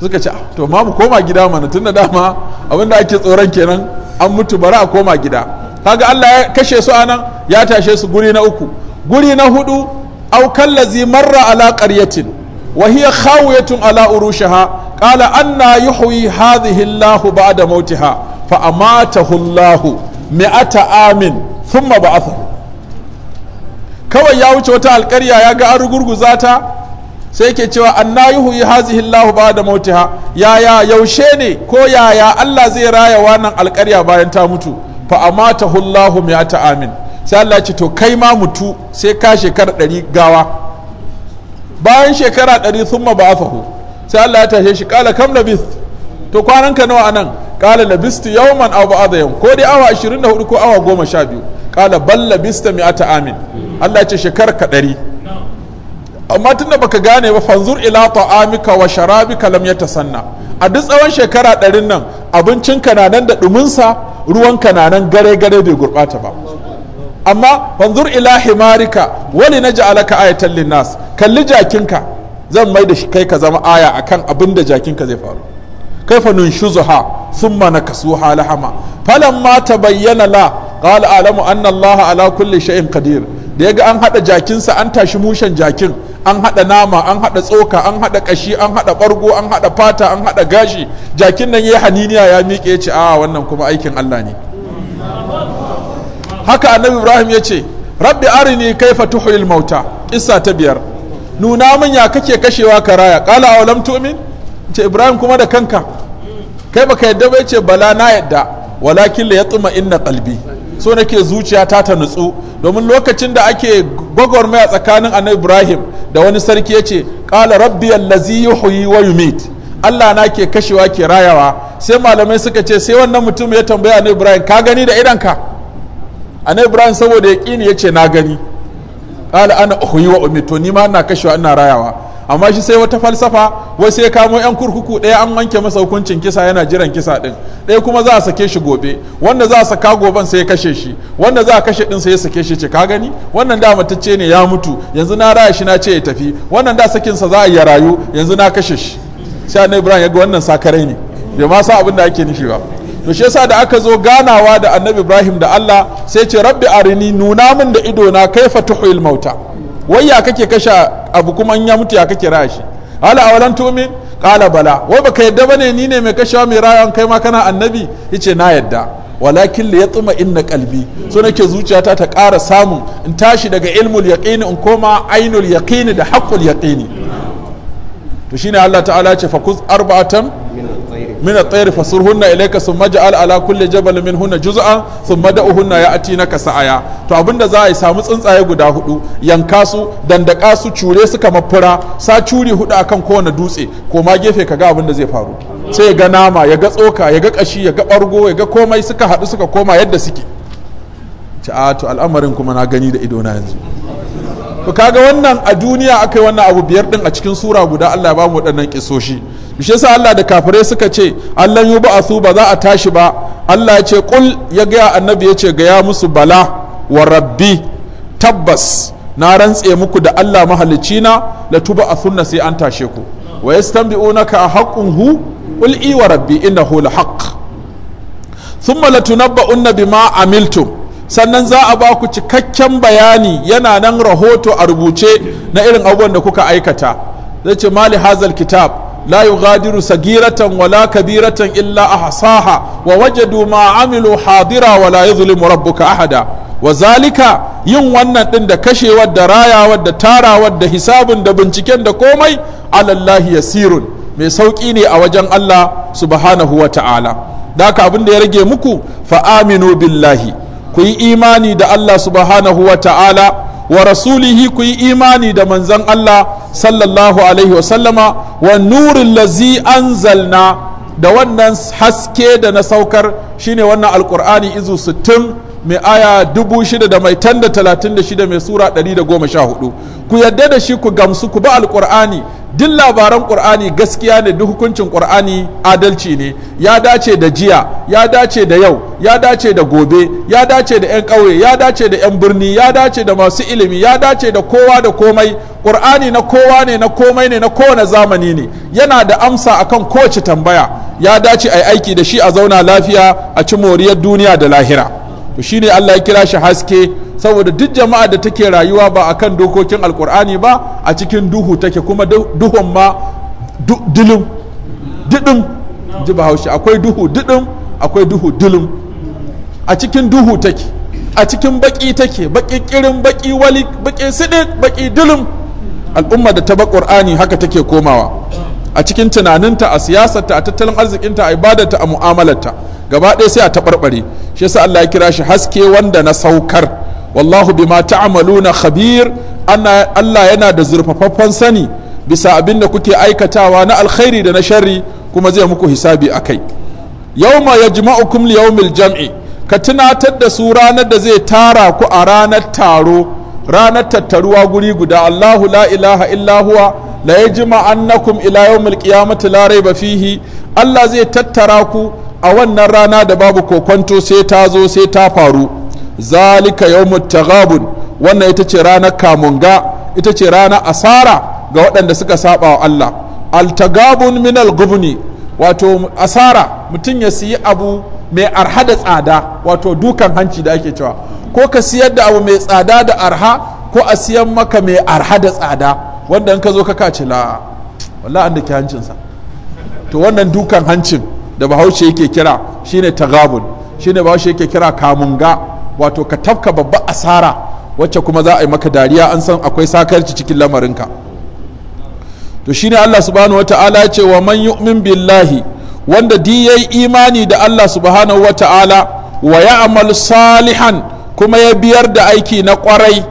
suka ce ah, to ma mu koma gida mana tunda dama abinda ake tsoron kenan an mutu bara a koma gida kaga Allah ya kashe su anan ya tashe su guri na uku guri na hudu au kallazi marra ala qaryatin وهي خاوية على أروشها قال أنا يحوي هذه الله بعد موتها فأماته الله مئة عام ثم بعثه kawai ya wuce wata alkarya ya ga an rugurguza sai ke cewa annayuhu yi hazihi Lahu ba da mautiha yaya yaushe ne ko yaya Allah zai raya wannan alkarya bayan ta mutu fa amatahu Allah mi'ata amin sai Allah ce to kai ma mutu sai ka shekara ɗari gawa bayan shekara ɗari sun ma ba'afahu sai Allah ya tashe shi kala kam labis to kwanan ka nawa anan kala labistu yawman aw ba'da yawm ko dai awa 24 ko awa 12 kala bal mi'a ta amin Allah ya ce shekar ka ɗari amma tunda baka gane ba fanzur ila ta'amika wa sharabika lam yatasanna a duk tsawon shekara ɗarin nan abincinka na nan da ɗuminsa ruwanka na nan gare gare bai gurɓata ba amma fanzur ila himarika wani na ji alaka ayatan linnas kalli jakinka zan mai da kai ka zama aya akan abin da jakinka zai faru kaifa nunshuzuha thumma nakasuha lahama ta bayyana la qala alamu anna allah ala kulli shay'in qadir da yaga an haɗa jakinsa an tashi mushen jakin an haɗa nama an haɗa tsoka an haɗa ƙashi, an haɗa bargo an haɗa fata an haɗa gashi jakin nan yayi haniniya ya miƙe ya ce a wannan kuma aikin Allah ne haka annabi ibrahim ya ce rabbi arini fa tuhil mauta isa ta biyar nuna min ya kake kashewa ka raya qala a tu'min ce ibrahim kuma da kanka kai baka yadda ba ce bala na yadda walakin la yatma inna kalbi so nake zuciya ta ta nutsu domin lokacin da ake gwagwarmaya tsakanin annabi ibrahim da wani sarki ya ce kala rabbi allazi yuhyi wa yumit Allah na ke kashewa ke rayawa sai malamai suka ce sai wannan mutum ya tambaya annabi ibrahim ka gani da idanka annabi ibrahim saboda ya ƙini ya ce na gani ƙala ana uhuyi wa umi to ni ma ina kashewa ina rayawa amma shi sai wata falsafa wai sai kamo yan kurkuku ɗaya an wanke masa hukuncin kisa yana jiran kisa ɗin ɗaya kuma za a sake shi gobe wanda za a saka goben sai ya kashe shi wanda za a kashe ɗin sai ya sake shi ce ka gani wannan da matacce ne ya mutu yanzu na raya shi na ce ya tafi wannan da sakinsa za a yi rayu yanzu na kashe shi sai annabi ibrahim ya ga wannan sakarai ne bai ma sa abin da ake nufi ba to shi yasa da aka zo ganawa da annabi ibrahim da allah sai ce rabbi arini nuna min da ido na kai tuhil ilmauta wai ya kake kashe abu kuma an ya mutu ya kake raya shi hala awalan tumin kala bala wai baka yadda bane ni ne mai kashewa mai rayuwa kai ma kana annabi yace na yadda walakin li yatma inna qalbi so nake zuciyata ta kara samun in tashi daga ilmul yaqini in koma ainul yaqini da haqqul yaqini to shine Allah ta'ala ce fakuz arba'atan من الطير فصرهن إليك ثم جعل على كل جبل منهن جزءا ثم دعوهن يأتينك سعيا to abinda za a yi samu tsuntsaye guda hudu yanka su dandaka su cure su kamar fura sa curi hudu akan kowane dutse koma gefe ka ga abin da zai faru sai ya ga nama ya ga tsoka ya ga kashi ya ga bargo ya komai suka haɗu suka koma yadda suke ci a to al'amarin kuma na gani da ido na yanzu to kaga wannan a duniya aka yi wannan abu biyar din a cikin sura guda Allah ya ba mu waɗannan kisoshi shi yasa Allah da kafire suka ce Allah yu ba'athu ba za a tashi ba Allah ya ce kul ya gaya annabi ya ce ga ya musu bala wa rabbi tabbas na rantse muku da Allah mahalicci na la sunna sai an tashe ku wa yastanbi'unaka a haqqun hu qul i wa rabbi innahu la haqq thumma latunabba'unna bima amiltum sannan za a ba ku cikakken bayani yana nan rahoto a rubuce na irin abubuwan da kuka aikata zai ce mali hazal kitab la yughadiru sagiratan wala kabiratan illa ahsaha wa wajadu ma amilu hadira wala yuzlimu rabbuka ahada wa zalika yin wannan din da kashewar da rayawar da tarawar da hisabun da binciken da komai alallahi yasirun mai sauki ne a wajen Allah subhanahu wa ta'ala da abin da ya rage muku fa aminu billahi ku yi imani da Allah subhanahu wa ta'ala wa rasulihi ku yi imani da manzan Allah sallallahu alaihi wasallama wa nurin lazi anzalna da wannan haske da na saukar shine wannan alkur'ani izu 60 mai aya dubu mai mai sura ɗari goma ku yadda da shi ku gamsu ku ba alkur'ani duk labaran ƙur'ani gaskiya ne duk hukuncin ƙur'ani adalci ne ya dace da jiya ya dace da yau ya dace da gobe ya dace da 'yan ƙauye ya dace da 'yan birni ya dace da masu ilimi ya dace da kowa da komai ƙur'ani na kowa ne na komai ne na kowane zamani ne yana da amsa akan kowace tambaya ya dace a yi aiki da shi a zauna lafiya a ci moriyar duniya da lahira to shine Allah ya kira shi haske saboda duk jama'a da take rayuwa ba akan dokokin alkur'ani ba a cikin duhu take kuma duhun ma dilin didin ji bahaushe akwai duhu didin akwai duhu dilin a cikin duhu take a cikin baki take baki kirin baki wali baki sidik baki dilin al'umma da ta ba qur'ani haka take komawa a cikin tunaninta a siyasarta a tattalin arzikinta a ibadarta a mu'amalarta gaba ɗaya sai a taɓarɓare shi yasa Allah ya kira shi haske wanda na saukar wallahu bima ta'maluna khabir Allah yana da zurfafaffen sani bisa abin da kuke aikatawa na alkhairi da na sharri kuma zai muku hisabi akai yawma yajma'ukum li yawmil jam'i ka tunatar da su ranar da zai tara ku a ranar taro ranar tattaruwa guri guda Allahu la ilaha illa huwa la yajma'annakum ila yawmil qiyamati la rayba fihi Allah zai tattara ku a wannan rana da babu kokwanto sai ta zo sai ta faru zalika yau taghabun wannan ita ce ranar kamunga ita ce ranar asara ga waɗanda suka saba wa Allah altagabun min gubni wato asara mutum ya siyi abu mai arha da tsada wato dukan hanci da ake cewa ko ka siyar da abu mai tsada da arha ko a siyan maka mai arha da tsada wanda in ka zo ka kace la wallahi an da ke hancinsa to wannan dukan hancin da bahaushe yake kira shine tagabun shine bahaushe yake kira kamunga wato ka tafka babba asara wacce kuma za a yi maka dariya an san akwai sakarci cikin lamarinka to shine Allah subhanahu wata'ala ya ce wa man yu'min billahi wanda di yayi imani da Allah subhanahu wata'ala wa ya'mal salihan kuma ya biyar da aiki na kwarai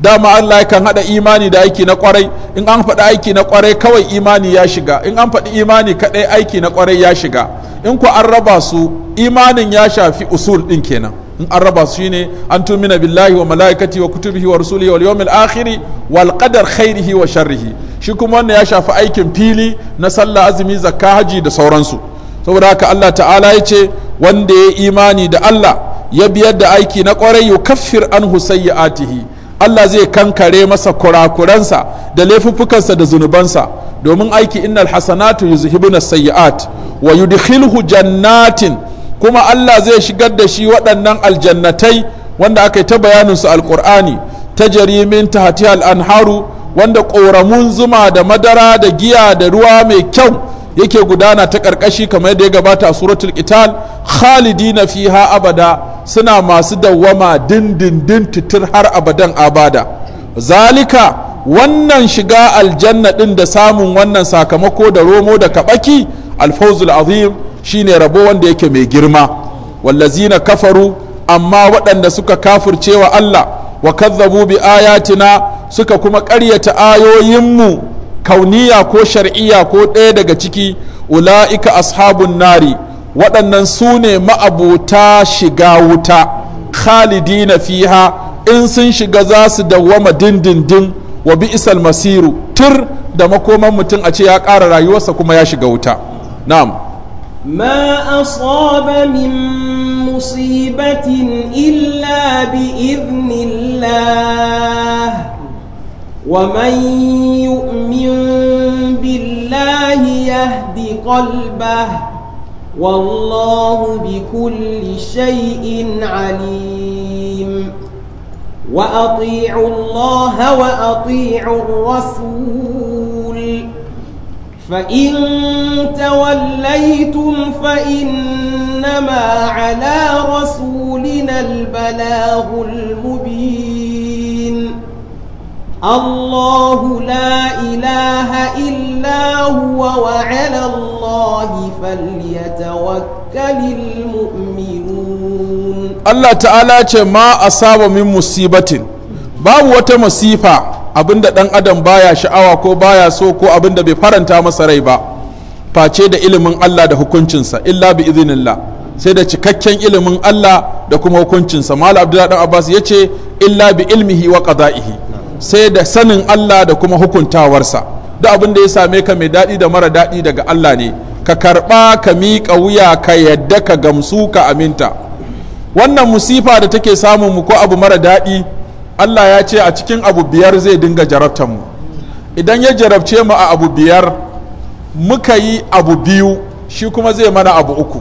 dama Allah kan hada imani da aiki na kwarai in an faɗi aiki na kwarai kawai imani ya shiga in an faɗi imani kaɗai aiki na kwarai ya shiga in ku an raba su imanin ya shafi usul din kenan in an raba su shine an tumina billahi wa malaikati wa kutubihi wa rusulihi wal yawmil akhiri wal qadar khairihi wa sharrihi shi kuma wannan ya shafi aikin fili na sallah azumi zakka haji da sauransu saboda haka Allah ta'ala ya ce wanda ya imani da Allah ya biyar da aiki na kwarai yukaffir anhu sayyi'atihi Allah zai kankare masa kurakuransa da laifuffukansa da zunubansa domin aiki innal hasanatu yuzhibuna sayyi'at wa yudkhiluhu jannatin kuma Allah zai shigar da shi waɗannan aljannatai wanda aka yi ta bayaninsu alkur'ani ta jarimin tahati al'anharu wanda ƙoramun zuma da madara da giya da ruwa mai kyau yake gudana ta ƙarƙashi kamar yadda ya gabata a suratul qital khalidina fiha abada suna masu dawwama dindindin titir har abadan abada zalika wannan shiga aljanna ɗin da samun wannan sakamako da romo da kaɓaki alfawzul azim shine rabo wanda yake mai girma wallazina kafaru amma waɗanda suka kafircewa Allah wa kazzabu bi ayatina suka kuma ƙaryata ayoyinmu kauniya ko shar'iyya ko ɗaya daga ciki ula'ika ashabun nari waɗannan su ne ma'abuta shiga wuta khalidina fiha in sun shiga za su dawwama dindindin wa bi isal masiru tur da makoman mutum a ce ya ƙara rayuwarsa kuma ya shiga wuta نعم ما أصاب من مصيبة إلا بإذن الله ومن يؤمن بالله يهد قلبه والله بكل شيء عليم وأطيعوا الله وأطيعوا الرسول فإن توليتم فإنما على رسولنا البلاغ المبين الله لا إله إلا هو وعلى الله فليتوكل المؤمنون الله تعالى ما أصاب من مصيبة باب وتمصيفة abinda ɗan adam baya sha'awa ko baya so ko abinda bai faranta masa rai ba face da ilimin Allah da hukuncinsa illa bi izinillah sai da cikakken ilimin Allah da kuma hukuncinsa malam abdullahi dan abbas yace illa bi ilmihi wa qada'ihi sai da sanin Allah da kuma hukuntawarsa duk abin da ya same ka mai daɗi da mara daɗi daga Allah ne ka karɓa ka miƙa wuya ka yadda ka gamsu ka aminta wannan musifa da take samun mu ko abu mara daɗi Allah ya ce a cikin abu biyar zai dinga jarabtar mu idan ya jarabce mu a abu biyar muka yi abu biyu shi kuma zai mana abu uku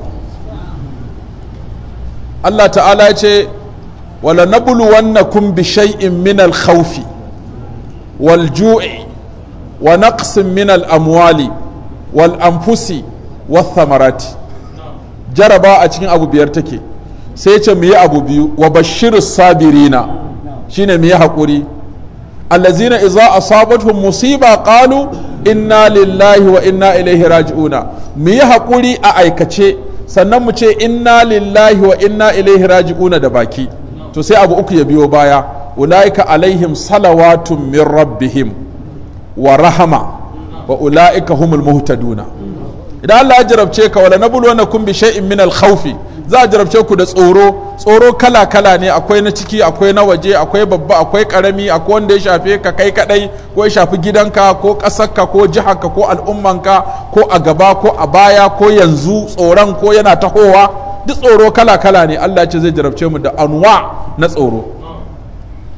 Allah ta'ala ya ce wala kun bi shay'in min al-khawfi wal ju'i wa naqsin min al-amwali wal anfusi wath thamarati jaraba a cikin abu biyar take sai ce mu yi abu biyu wa bashirus sabirina shine mu yi haƙuri allazina iza asabatuhum musiba qalu inna lillahi wa inna ilaihi raji'una mu yi haƙuri a aikace sannan mu ce inna lillahi wa inna ilaihi raji'una da baki to sai abu uku ya biyo baya ulaika alaihim salawatun min rabbihim wa rahama wa ulaika humul muhtaduna idan Allah ya jarabce ka wala nabluwanakum bi shay'in min al-khawfi za a jarabce ku da tsoro tsoro kala kala ne akwai na ciki akwai na waje akwai babba akwai karami akwai wanda ya shafe ka kai kadai ko ya shafi gidanka ko kasarka ko ka ko al'ummanka ko a gaba ko a baya ko yanzu tsoron ko yana tahowa duk tsoro kala kala ne Allah ce zai jarabce mu da anwa na tsoro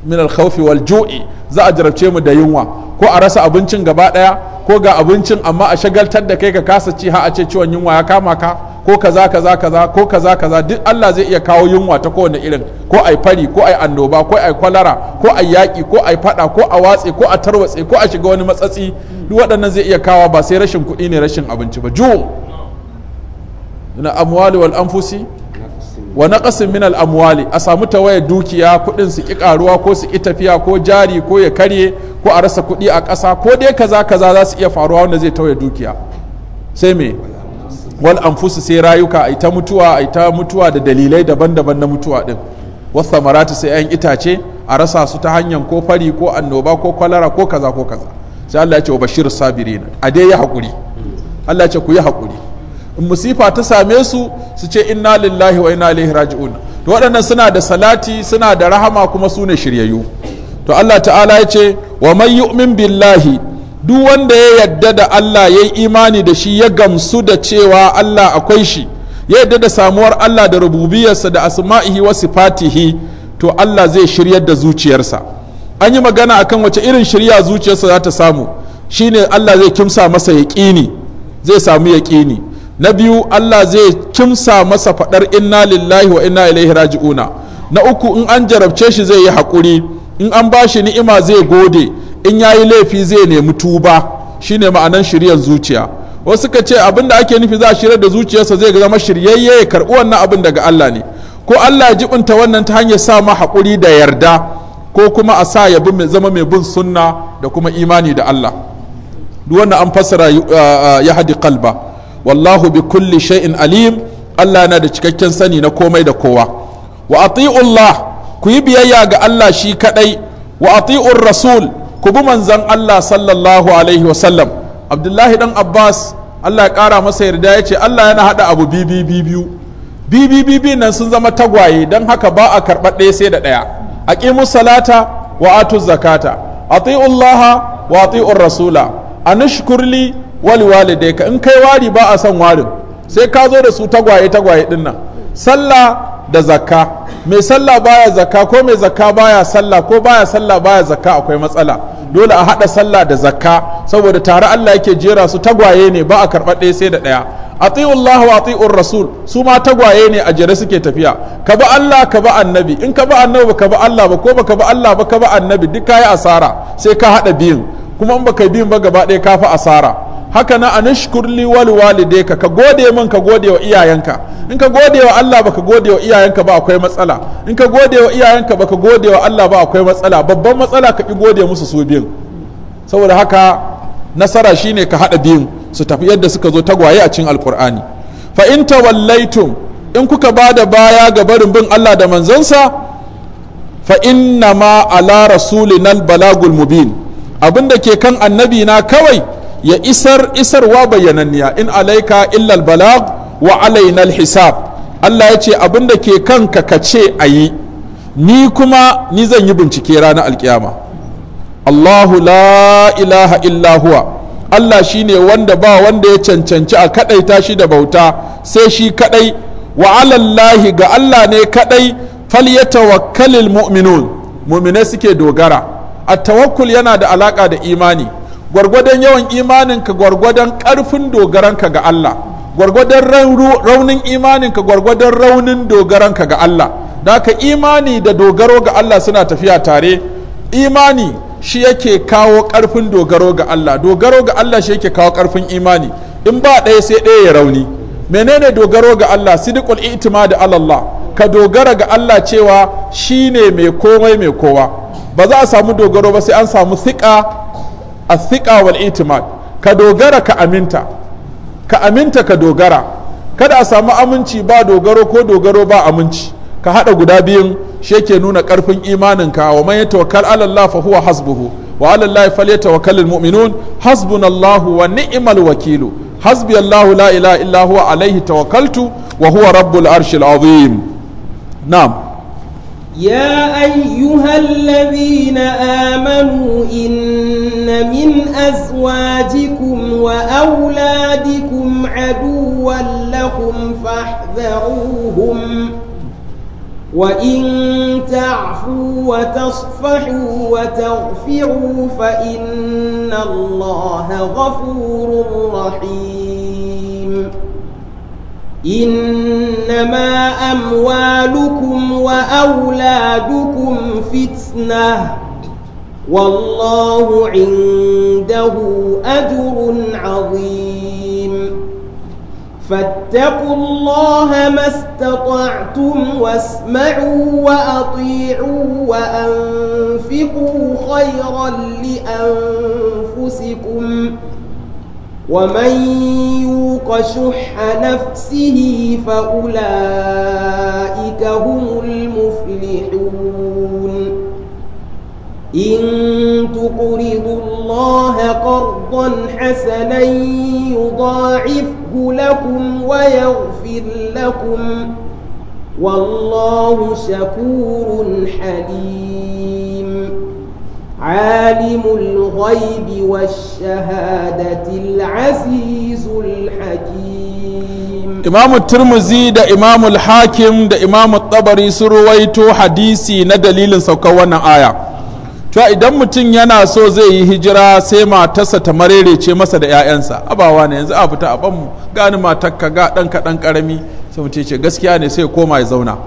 min al-khawfi wal ju'i za a jarabce mu da yunwa ko a rasa abincin gaba daya ko ga abincin amma a shagaltar da kai ka kasa ci ha a ce ciwon yunwa ya kama ka ko kaza kaza kaza ko kaza kaza duk Allah zai iya kawo yunwa ta kowane irin ko ai fari ko ai annoba ko ai kwalara ko ai yaki ko ai fada ko a watse ko a tarwatse ko a shiga wani matsatsi duk waɗannan zai iya kawo ba sai rashin kuɗi ne rashin abinci ba juwo na amwali wal anfusi wa naqasin min al amwali a samu tawaye dukiya kuɗin su ki karuwa ko su ki tafiya ko jari ko ya karye ko a rasa kuɗi a ƙasa ko dai kaza kaza za su iya faruwa wanda zai tawaye dukiya sai me wal anfusu sai rayuka a ita mutuwa a ita mutuwa da dalilai daban-daban na mutuwa din wasu maratu sai 'yan itace a rasa su ta hanyar ko fari ko annoba ko kwalara ko kaza ko kaza sai Allah ya ce wa bashir na a dai yi hakuri Allah ya ce ku yi haƙuri in musifa ta same su su ce inna lillahi wa inna ilaihi raji'un to waɗannan suna da salati suna da rahama kuma su ne shiryayyu to Allah ta'ala ya ce wa man yu'min billahi duk wanda ya yadda da Allah ya yi imani da shi ya gamsu da cewa Allah akwai shi ya yadda da samuwar Allah da rububiyarsa da asma'ihi wa sifatihi to Allah zai shiryar da zuciyarsa an yi magana akan wace irin shirya zuciyarsa za ta samu ne Allah zai kimsa masa yaƙini zai samu yaƙini na biyu Allah zai kimsa masa faɗar inna lillahi wa inna ilaihi raji'una na uku in an jarabce shi zai yi haƙuri in an ba shi ni'ima zai gode in ya yi laifi zai nemi tuba shine ma'anan shiryar zuciya wasu ka ce abin da ake nufi za a shirya da zuciyarsa zai zama shiryayye ya karɓi wannan abin daga Allah ne ko Allah ya jibinta wannan ta hanyar sa ma haƙuri da yarda ko kuma a sa ya zama mai bin sunna da kuma imani da Allah duk wannan an fassara ya hadi kalba wallahu bi kulli shay'in alim Allah yana da cikakken sani na komai da kowa wa ati'ullah ku yi biyayya ga Allah shi kadai wa ati'ur rasul ku bi manzon Allah sallallahu alaihi wasallam abdullahi dan abbas Allah ya kara masa yarda ya ce Allah yana hada abu bibi biyu bibi nan sun zama tagwaye don haka ba a karɓar ɗaya sai da ɗaya aqimu salata wa atu zakata ati'u Allah wa ati'u rasula anushkurli wal walidayka in kai wari ba a son warin sai ka zo da su tagwaye tagwaye din nan sallah da zakka mai sallah baya zakka ko mai zakka baya sallah ko baya sallah baya zakka akwai matsala dole a haɗa sallah da zakka saboda tare Allah yake jera su tagwaye ne ba a karɓar ɗaya sai da ɗaya atiyu Allah wa ati'ur rasul su ma tagwaye ne a jere suke tafiya ka ba Allah ka ba annabi in ka ba annabi ka ba Allah ba ko ba ka ba Allah ba ka ba annabi duk kayi asara sai ka haɗa biyun kuma in baka biyun ba gaba ɗaya ka fi asara haka na anashkurli wal walidayka ka gode min ka gode wa iyayenka in ka gode wa Allah baka gode wa iyayenka ba akwai matsala in ka gode wa iyayenka baka gode wa Allah ba akwai matsala babban matsala ka ki gode musu su biyun saboda haka nasara shine ka hada biyun su tafi yadda suka zo tagwaye a cikin alkur'ani fa in tawallaitum in kuka bada baya ga barin bin Allah da manzansa fa inna ma ala rasulinal balagul mubin abinda ke kan annabi na kawai ya isar isarwa bayyananniya in alaika illal balag wa alaina hisab Allah ya ce abin da ke kanka ka ce a yi ni kuma ni zan yi bincike ranar alkiyama Allahu la ilaha illa huwa Allah shine wanda ba wanda ya cancanci a kadaita shi da bauta sai shi kadai wa alallahi ga Allah ne kadai falyatawakkalil mu'minun muminai suke dogara at tawakkul yana da alaka da imani gwargwadon yawan imaninka gwargwadon ƙarfin dogaranka ga Allah gwargwadon raunin imaninka gwargwadon raunin dogaranka ga Allah da ka imani da dogaro ga Allah suna tafiya tare imani shi yake kawo ƙarfin dogaro ga Allah dogaro ga Allah shi yake kawo ƙarfin imani in ba ɗaya sai ɗaya ya rauni menene dogaro ga Allah sidiqul itima da Allah ka dogara ga Allah cewa shine mai komai mai kowa ba za a samu dogaro ba sai an samu siƙa athiqa wal itimad ka dogara ka aminta ka aminta ka dogara kada a samu aminci ba dogaro ko dogaro ba aminci ka hada guda biyun shi nuna karfin imaninka wa man yatawakkal ala Allah fa huwa hasbuhu wa ala Allah falyatawakkalul mu'minun hasbunallahu wa ni'mal wakilu hasbi Allah la ilaha illa huwa alaihi tawakkaltu wa huwa rabbul arshil azim يا أيها الذين آمنوا إن من أزواجكم وأولادكم عدوا لكم فاحذروهم وإن تعفوا وتصفحوا وتغفروا فإن الله غفور رحيم إنما أموالكم وأولادكم فتنة والله عنده أجر عظيم فاتقوا الله ما استطعتم واسمعوا وأطيعوا وأنفقوا خيرا لأنفسكم ۖ ومن يوق شح نفسه فأولئك هم المفلحون إن تقرضوا الله قرضا حسنا يضاعفه لكم ويغفر لكم والله شكور حليم عالم الغيب والشهادة العزيز الحكيم إمام الترمذي ده إمام الحاكم ده إمام الطبري سرويتو حديثي ندليل سوكوانا آية to idan mutum yana so zai yi hijira sai matarsa ta marerece masa da 'ya'yansa abawa ne yanzu a fita a banmu gani matakka ga ɗan kaɗan ƙarami sai mutum ce gaskiya ne sai koma ya zauna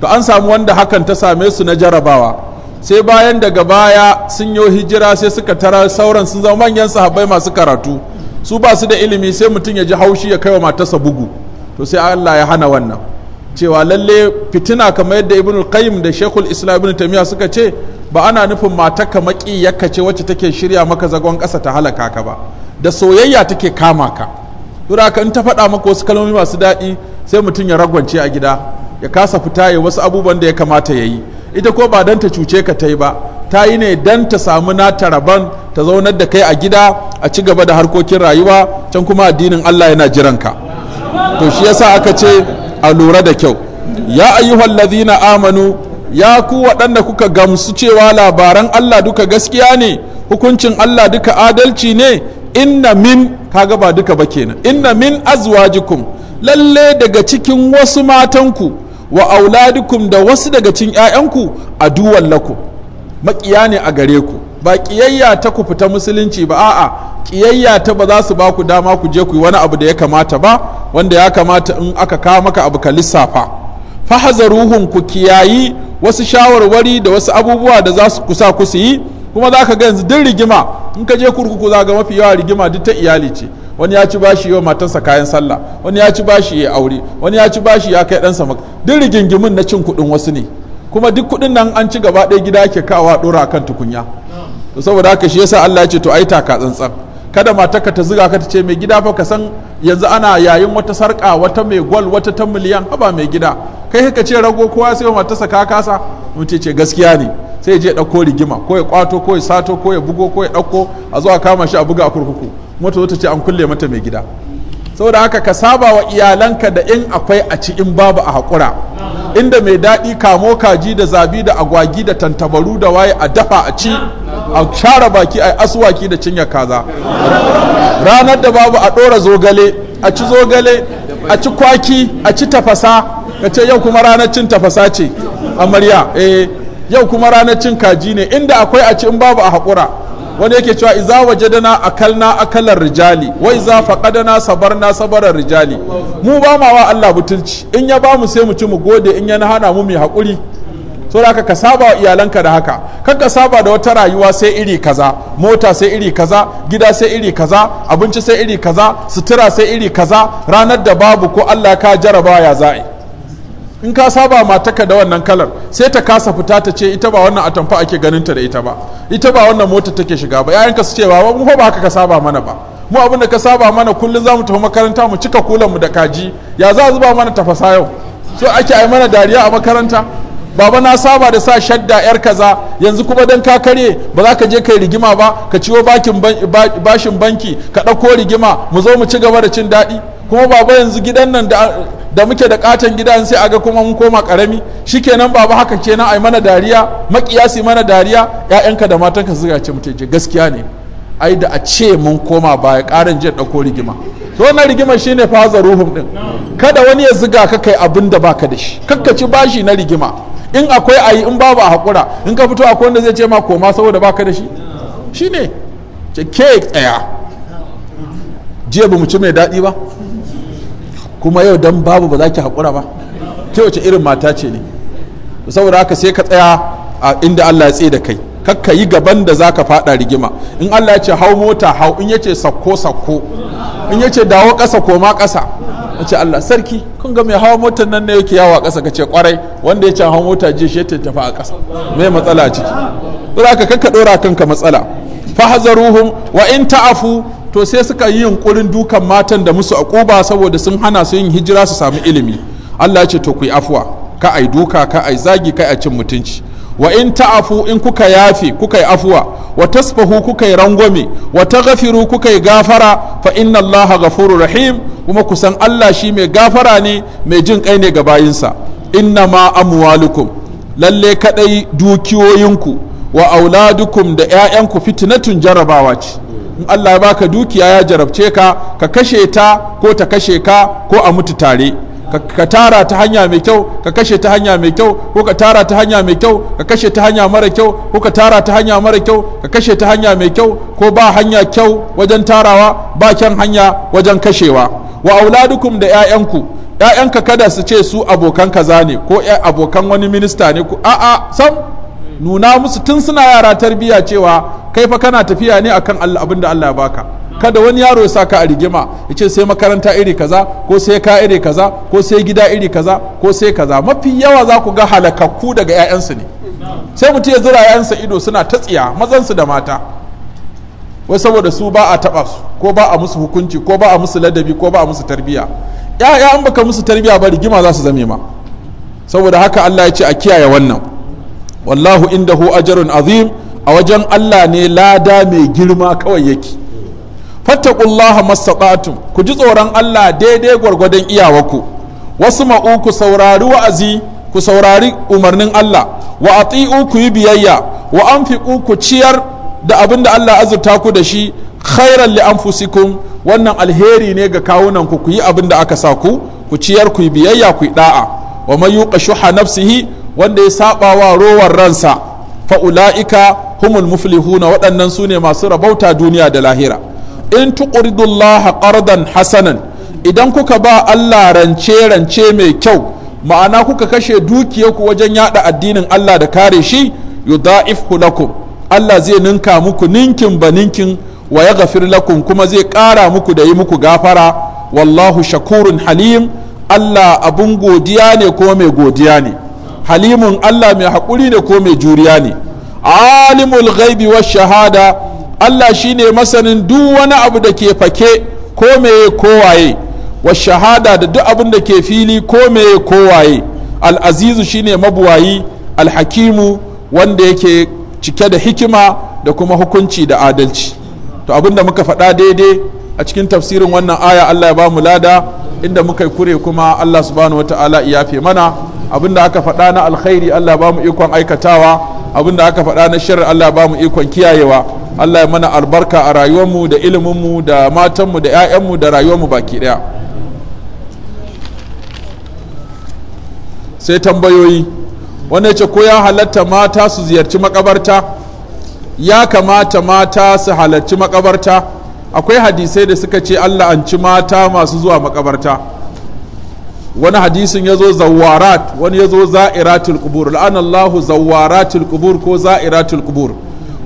to an samu wanda hakan ta same su na jarabawa sai bayan daga baya sun yi hijira sai suka tara sauran sun zama manyan sahabbai masu karatu su ba su da ilimi sai mutum ya ji haushi ya kai wa matarsa bugu to sai Allah ya hana wannan cewa lalle fitina kamar yadda ibn qayyim da shekul islam ibn tamiya suka ce ba ana nufin mata ka maki yakka ce wacce take shirya maka zagon kasa ta halaka ka ba da soyayya take kama ka duraka in ta faɗa maka wasu kalmomi masu daɗi sai mutum ya ragwance a gida ya kasa fita ya wasu abubuwan da ya kamata ya yi ita ko ba dan ta cuce ka ta yi ba ta yi ne dan ta samu nata rabon ta zaunar da kai a gida a ci gaba da harkokin rayuwa can kuma addinin Allah yana jiran ka to shi yasa aka ce a lura da kyau ya ayyuhal na amanu ya ku waɗanda kuka gamsu cewa labaran Allah duka gaskiya ne hukuncin Allah duka adalci ne inna min kaga ba duka ba kenan inna min azwajikum lalle daga cikin wasu matanku wa auladukum da wasu daga cikin ƴaƴanku duwan lako makiya ne a gare ku ba kiyayya ta ku fita musulunci ba a'a kiyayya ta ba za su ba ku dama ku je ku yi wani abu da ya kamata ba wanda ya kamata in aka kawo maka abu ka lissafa fa ruhun ku kiyayi wasu shawarwari da wasu abubuwa da za su kusa ku su yi kuma za ka ga yanzu duk rigima in ka je kurkuku za ga mafi yawa rigima duk ta iyali ce wani ya ci bashi yau matarsa kayan sallah wani ya ci bashi ya aure wani ya ci bashi ya kai ɗansa duk rigingimin na cin kuɗin wasu ne kuma duk kuɗin nan an ci gaba ɗaya gida ke kawa ɗora kan tukunya to saboda haka shi yasa Allah ya ce to ai taka tsantsan kada matarka ta zuga ka ta ce mai gida fa ka san yanzu ana yayin wata sarka wata mai gwal wata ta miliyan haba mai gida kai ka ce rago kowa sai sa ka kasa mutum ce gaskiya ne sai je ɗauko rigima ko ya kwato ko ya sato ko ya bugo ko ya ɗauko a zuwa kama shi a buga a kurkuku mota zo ta ce an kulle mata mai gida saboda haka ka saba wa iyalanka da in akwai a ci in babu a haƙura inda mai daɗi kamo kaji da zabi da agwagi da tantabaru da waye a dafa a ci a share baki a asuwaki da cinya kaza ranar da babu a ɗora zogale a ci zogale a ci kwaki a ci tafasa ka ce yau kuma ranar cin tafasa ce amarya eh yau kuma ranar cin kaji ne inda akwai a ci in babu a haƙura wani yake cewa iza waje dana akalna akalar rijali wa iza sabar sabarna sabarar rijali mu ba ma wa Allah butulci in ya ba mu sai mu ci mu gode in ya hana mu mai haƙuri so da ka saba wa iyalanka da haka kan ka saba da wata rayuwa sai iri kaza mota sai iri kaza gida sai iri kaza abinci sai iri kaza sutura sai iri kaza ranar da babu ko Allah ka jaraba ya za'i in ka saba mataka da wannan kalar sai ta kasa fita ta ce ita ba wannan atamfa ake ganin ta da ita ba ita ba wannan mota take shiga ba yayan ka su ce ba mu ba haka ka saba mana ba mu abin da ka saba mana kullum zamu tafi makaranta mu cika kulan mu da kaji ya za zuba mana tafasa yau so ake ai mana dariya a makaranta baba na saba da sa shadda yar kaza yanzu kuma dan ka karye ba za ka je kai rigima ba ka ciwo bakin bashin banki ka ɗauko rigima mu zo mu ci gaba da cin daɗi kuma baba yanzu gidan nan da muke da katon gidan sai aga kuma mun koma karami shikenan baba haka kenan ai mana dariya makiyasi mana dariya ƴaƴanka da matanka zuga ce mutai gaskiya ne ai da a ce mun koma baya karin jin dauko rigima to na rigima shine faza ruhum din kada wani ya zuga ka kai abin baka da shi kakka bashi na rigima in akwai ayi in babu a hakura in ka fito akwai wanda zai ce ma koma saboda baka da shi shine ke tsaya jiya ba mu ci mai daɗi ba kuma yau dan babu ba za ki haƙura ba ke wace irin mata ce ne saboda haka sai ka tsaya a inda Allah ya tsaye da kai kakka yi gaban da za ka faɗa rigima in Allah ya ce hau mota hau in ya ce sakko sakko in ya ce dawo ƙasa koma ƙasa a ce Allah sarki kun ga mai hawa motar nan ne yake yawa ƙasa ka ce kwarai wanda ya ce hau mota je shi ta tafi a ƙasa mai matsala a ciki saboda haka kakka ɗora kanka matsala fahazaruhum wa in ta'afu to sai suka yi yunkurin dukan matan da musu akuba saboda sun hana su yin hijira su samu ilimi Allah ya ce to ku yi afuwa ka ai duka ka ai zagi ka ai cin mutunci wa in ta'afu in kuka yafi kuka yi afuwa wa tasfahu kuka yi rangwame wa taghfiru kuka yi gafara fa inna allaha ghafurur rahim kuma kusan Allah shi mai gafara ne mai jin kai ne ga bayinsa inna ma amwalukum lalle kadai dukiyoyinku wa auladukum da 'ya'yanku fitnatun jarabawa ce in Allah ya baka dukiya ya jarabce ka ka kashe ta ko ta kashe ka ko a mutu tare ka tara ta hanya mai kyau ka kashe ta hanya mai kyau ko ka tara ta hanya mai kyau ka kashe ta hanya mara kyau ko ka tara ta hanya mara kyau ka kashe ta hanya mai kyau ko ba hanya kyau wajen tarawa ba kyan hanya wajen kashewa wa auladukum da 'ya'yanku ‘ya'yanka kada su ce su abokan kaza ne ko abokan wani minista ne ko a'a sam nuna musu tun suna yara tarbiyya cewa kai fa kana tafiya ne akan Allah abin da Allah ya baka kada wani yaro ya saka a rigima ya ce sai makaranta iri kaza ko sai ka iri kaza ko sai gida iri kaza ko sai kaza mafi yawa za ku ga halakakku daga 'ya'yansu ne sai mutum ya zura 'ya'yansa ido suna ta tsiya mazansu da mata wai saboda su ba a taɓa su ko ba a musu hukunci ko ba a musu ladabi ko ba a musu tarbiyya ya'ya an baka musu tarbiyya ba rigima za su zame ma saboda haka Allah ya ce a kiyaye wannan wallahu indahu ajarun azim a wajen Allah ne lada mai girma kawai yake masa batun ku ji tsoron Allah daidai gwargwadon iyawaku wasu ma'u ku saurari wa'azi ku saurari umarnin Allah wa ati'u ku yi biyayya wa anfiqu ku ciyar da abin da Allah azurta ku da shi khairan li anfusikum wannan alheri ne ga kawunanku ku ku yi abin da aka sa ku ku ciyar ku yi biyayya ku yi da'a wa man shuha nafsihi wanda ya saba wa rowar ransa fa'ula'ika humul muflihuna waɗannan su ne masu rabauta duniya da lahira in tuqridullaha qardan hasanan idan kuka ba Allah rance rance mai kyau ma'ana kuka kashe dukiyarku wajen yada addinin Allah da kare shi yudha'ifhu lakum Allah zai ninka muku ninkin ba ninkin wa ya gafir lakum kuma zai ƙara muku da yi muku gafara wallahu shakurun halim Allah abun godiya ne kuma mai godiya ne halimun Allah mai haƙuri ne ko mai juriya ne alimul ghaibi wa shahada Allah shine masanin duk wani abu da ke fake ko meye kowaye wa shahada da duk abin da ke fili ko meye kowaye al'azizu shine mabuwayi alhakimu wanda yake cike da hikima da kuma hukunci da adalci to abin da muka faɗa daidai a cikin tafsirin wannan aya Allah ya ba mu lada inda muka kure kuma Allah subhanahu wataala ya yafe mana abinda aka faɗa na alkhairi Allah ba mu ikon aikatawa abinda aka faɗa na shirin Allah ba mu ikon kiyayewa Allah ya mana albarka a rayuwarmu da iliminmu da matanmu da 'ya'yanmu da rayuwarmu baki ɗaya sai tambayoyi wanda ce ko ya halatta mata su ziyarci makabarta ya kamata mata su halarci makabarta akwai hadisai da suka ce Allah an ci mata masu zuwa makabarta wani hadisin ya zo zawarat wani ya zo za'iratul kubur la'anallahu zawaratul kubur ko za'iratul kubur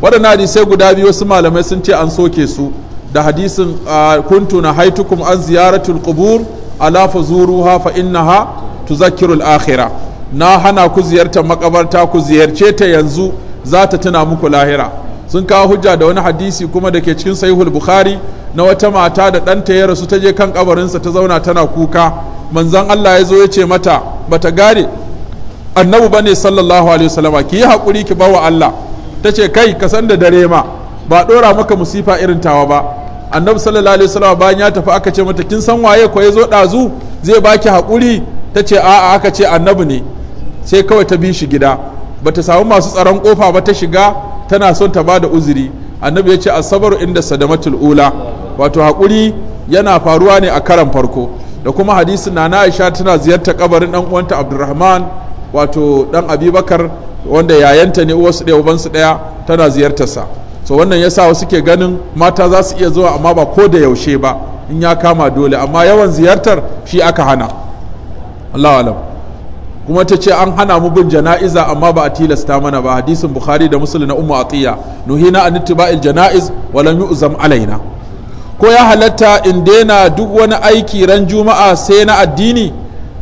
waɗannan hadisai guda biyu wasu malamai sun ce an soke su da hadisin kuntu na haitukum an ziyaratul kubur ala fazuruha fa innaha tuzakkirul akhira na hana ku ziyartar makabarta ku ziyarce ta yanzu za ta tuna muku lahira sun kawo hujja da wani hadisi kuma da ke cikin sahihul bukhari na wata mata da ɗanta ya rasu ta je kan kabarinsa ta zauna tana kuka manzon Allah ya zo ya ce mata bata gare. annabu ba ne, sallallahu alaihi wasallama ki yi haƙuri ki bawa Allah ta ce kai ka san da dare ma ba ɗora maka musifa irin tawa ba Annabu sallallahu alaihi wasallama bayan ya tafi aka ce mata kin san waye ko ya zo ɗazu? zai baki haƙuri. ta ce a'a aka ce annabu ne sai kawai ta bi shi gida bata samu masu tsaron kofa ba ta shiga tana son ta ba da uzuri annabi ya ce asabaru inda sadamatul ula wato haƙuri yana faruwa ne a karan farko da kuma hadisin na aisha tana ziyarta kabarin dan uwanta abdurrahman wato dan abubakar wanda yayanta ne uwarsu ɗaya ubansu ɗaya tana ziyartarsa so wannan yasa wasu ke ganin mata za su iya zuwa amma ba ko da yaushe ba in ya kama dole amma yawan ziyartar shi aka hana Allah alam kuma ta ce an hana mu bin jana'iza amma ba a tilasta mana ba hadisin bukhari da muslim na umu atiya nuhina an ittiba'il janaiz wa yu'zam alaina ko ya halatta in daina duk wani aiki ran juma'a sai na addini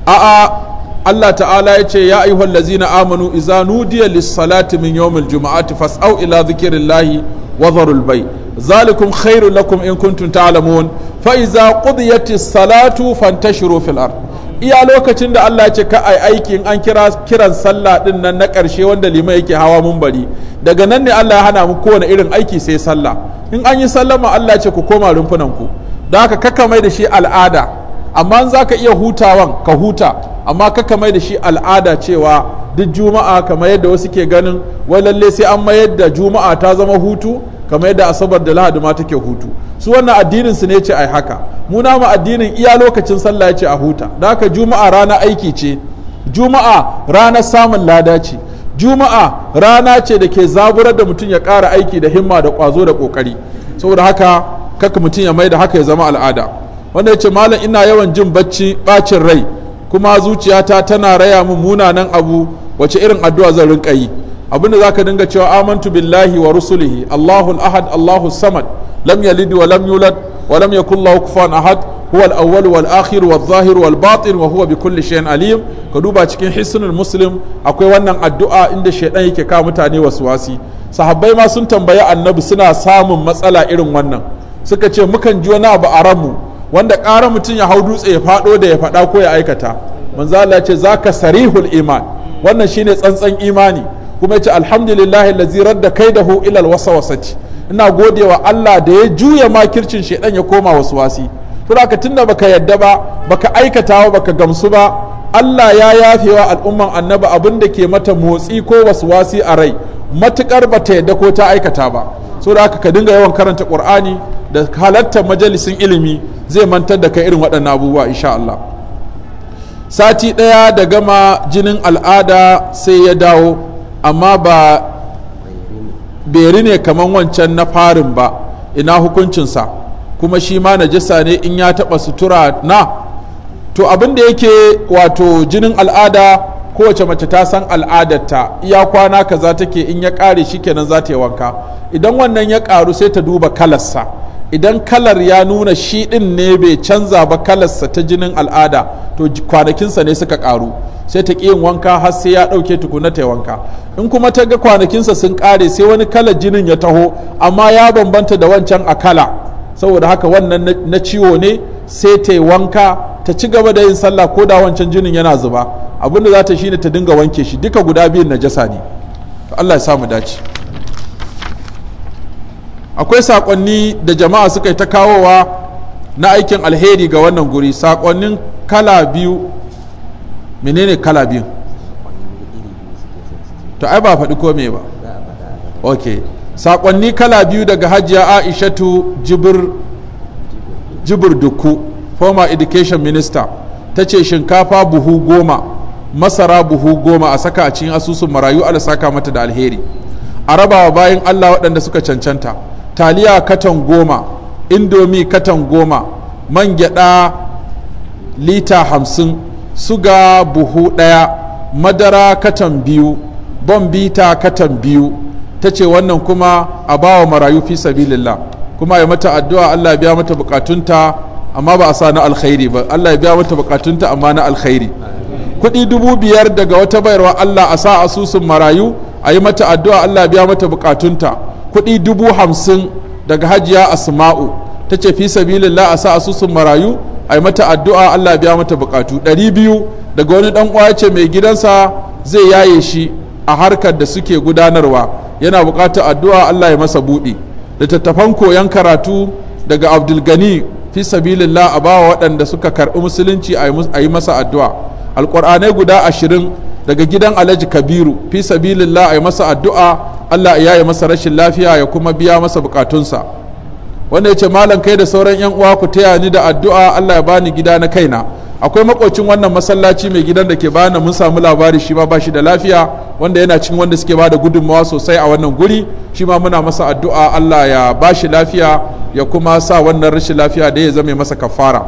a'a Allah ta'ala ya ce ya ayyuhal lazina amanu iza nudiya lis-salati min yawmil juma'ati fas'au ila dhikrillahi wa dharul bay zalikum khairul lakum in kuntum ta'lamun fa iza qudiyatis salatu fantashiru fil ard iya lokacin da Allah ce ka ai aikin an kira kiran sallah din nan na karshe wanda liman yake hawa mun bari daga nan ne Allah ya hana mu kowane irin aiki sai sallah in an yi ma Allah ce ku koma rumfunan ku don haka kaka mai da shi al'ada amma an za ka iya hutawan ka huta amma kaka mai da shi al'ada cewa duk juma'a kamar yadda wasu ke ganin wai lalle sai an mayar da juma'a ta zama hutu kamar yadda asabar da lahadi ma take hutu su wannan addinin su ne ce ai haka mu addinin iya lokacin sallah ce a huta da haka juma'a rana aiki ce juma'a ranar samun lada ce juma'a rana ce da ke zaburar da mutum ya kara aiki da himma da ƙwazo da ƙoƙari saboda haka kaka mutum ya mai da haka ya zama al'ada wanda ya ce malam ina yawan jin bacci bacin rai kuma zuciyata tana raya min munanan abu wace irin addu'a zan rinka yi abinda ka dinga cewa amantu billahi wa rusulihi allahul ahad allahu samad lam yalid wa lam yulad wa lam yakul lahu kufuwan ahad huwa al-awwal wal akhir wal zahir wal batin wa huwa bi kulli shay'in alim ka duba cikin hisnul muslim akwai wannan addu'a inda shaydan yake ka mutane waswasi sahabbai ma sun tambayi annabi suna samun matsala irin wannan suka ce mukan ji wani abu a ranmu wanda ƙara mutum ya hau dutse ya faɗo da ya faɗa ko ya aikata manzo Allah ce zaka sarihul iman wannan shine tsantsan imani kuma ya ce alhamdulillahi lazi radda wasa wasa alwasawasati ina godewa Allah da ya juya ma kircin shaidan ya koma wasu wasi to da tunda baka yadda ba baka aikata ba baka gamsu ba Allah ya yafe wa al'umman annabi abin da ke mata motsi ko wasu wasi a rai matukar ba ta yadda ko ta aikata ba so da haka ka dinga yawan karanta qur'ani da halartar majalisin ilimi zai mantar da kai irin waɗannan abubuwa insha Allah sati ɗaya da gama jinin al'ada sai ya dawo amma ba beri ne kaman wancan na farin ba ina hukuncinsa kuma shi ma najasa ne in ya taɓa sutura na to abin da yake wato jinin al'ada kowace mace ta san al'adarta iya kwana kaza take in ya ƙare shi kenan za ta yi wanka idan wannan ya ƙaru sai ta duba kalarsa idan kalar ya nuna shi din ne bai canza ba kalarsa ta jinin al'ada to kwanakinsa ne suka karu sai ta yin wanka har sai ya ɗauke tukuna ta wanka in kuma ta ga kwanakinsa sun kare sai wani kalar jinin ya taho amma ya bambanta da wancan a kala saboda haka wannan na ciwo ne sai ta wanka ta ci gaba da yin sallah ko da wancan jinin yana zuba abinda za ta shine ta dinga wanke shi duka guda biyun najasa ne Allah ya samu dace akwai saƙonni da jama'a suka yi ta kawowa na aikin alheri ga wannan guri saƙonnin kala biyu menene kala biyu to ai ba faɗi kome ba ok saƙonni kala biyu daga hajiya aishatu jibir jibir duku former education minister ta ce shinkafa buhu goma masara buhu goma a saka a cikin asusun marayu ala saka mata da alheri a rabawa bayan allah waɗanda suka cancanta taliya katon goma indomi katon goma man gyada lita hamsin suga buhu ɗaya madara katon biyu bita katon biyu ta ce wannan kuma a bawa marayu fi sabilillah kuma ya mata addu'a allah biya mata bukatunta amma ba a sa na alkhairi ba allah biya mata bukatunta amma na alkhairi kuɗi dubu biyar daga wata bayarwa allah a sa asusun marayu a yi mata addu'a allah biya mata bukatunta kuɗi dubu hamsin daga hajiya asma'u ta ce fi sabilillah a sa asusun marayu a yi mata addu'a allah biya mata bukatu ɗari biyu daga wani ɗan uwa ce mai gidansa zai yaye shi a harkar da suke gudanarwa yana buƙatar addu'a allah ya masa buɗi littattafan koyon karatu daga abdulgani fi sabilillah a bawa waɗanda suka karɓi musulunci a yi masa addu'a alƙur'anai guda ashirin daga gidan alhaji kabiru fi sabilillah a yi masa addu'a Allah ya yi masa rashin lafiya ya kuma biya masa bukatunsa wanda ya ce malam kai da sauran yan uwa ku taya ni da addu'a Allah ya bani gida na kaina akwai makocin wannan masallaci mai gidan da ke bani mun samu labari shi ma ba shi da lafiya wanda yana cikin wanda suke bada gudunmawa sosai a wannan guri shi ma muna masa addu'a Allah ya ba shi lafiya ya kuma sa wannan rashin lafiya da ya zame masa kafara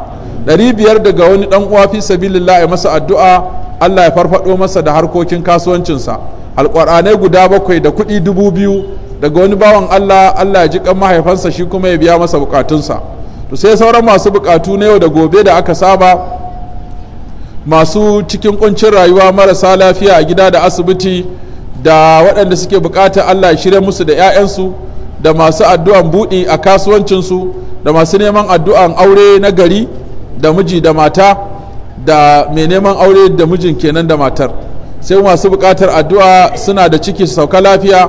ɗari biyar daga wani ɗan uwa fi sabilillah ya masa addu'a Allah ya farfado masa da harkokin kasuwancinsa alƙur'anai guda bakwai da kuɗi dubu biyu daga wani bawan allah allah ya ji kan mahaifansa shi kuma ya biya masa bukatunsa to sai sauran masu bukatu na yau da gobe da aka saba masu cikin kuncin rayuwa marasa lafiya a gida da asibiti da waɗanda suke bukatar allah shirya musu da 'ya'yansu da masu addu'an buɗi a kasuwancinsu da masu neman addu'an aure na gari da miji da mata da mai neman aure da mijin kenan da matar sai masu bukatar addu'a suna da ciki su sauka lafiya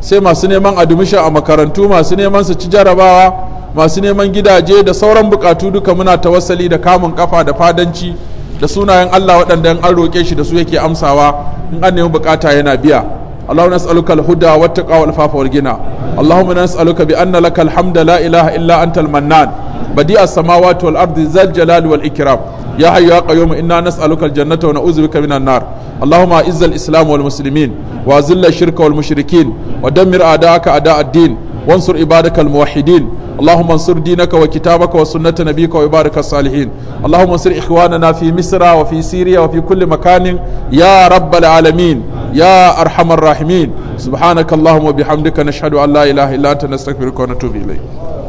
sai masu neman adumisha a makarantu masu neman su ci jarabawa masu neman gidaje da sauran buƙatu duka muna tawassali da kamun kafa da fadanci da sunayen Allah waɗanda an roƙe shi da su yake amsawa in an nemi buƙata yana biya اللهم gina allahumma والتقى bi anna اللهم نسألك بأن لك illa لا إله badi أنت المنان بديع السماوات والأرض jalali wal والإكرام يا حي يا قيوم إنا نسألك الجنة ونعوذ بك من النار اللهم أعز الإسلام والمسلمين وأذل الشرك والمشركين ودمر أعداءك أعداء الدين وانصر عبادك الموحدين اللهم انصر دينك وكتابك وسنة نبيك وعبادك الصالحين اللهم انصر إخواننا في مصر وفي سوريا وفي كل مكان يا رب العالمين يا أرحم الراحمين سبحانك اللهم وبحمدك نشهد أن لا إله إلا أنت نستغفرك ونتوب إليك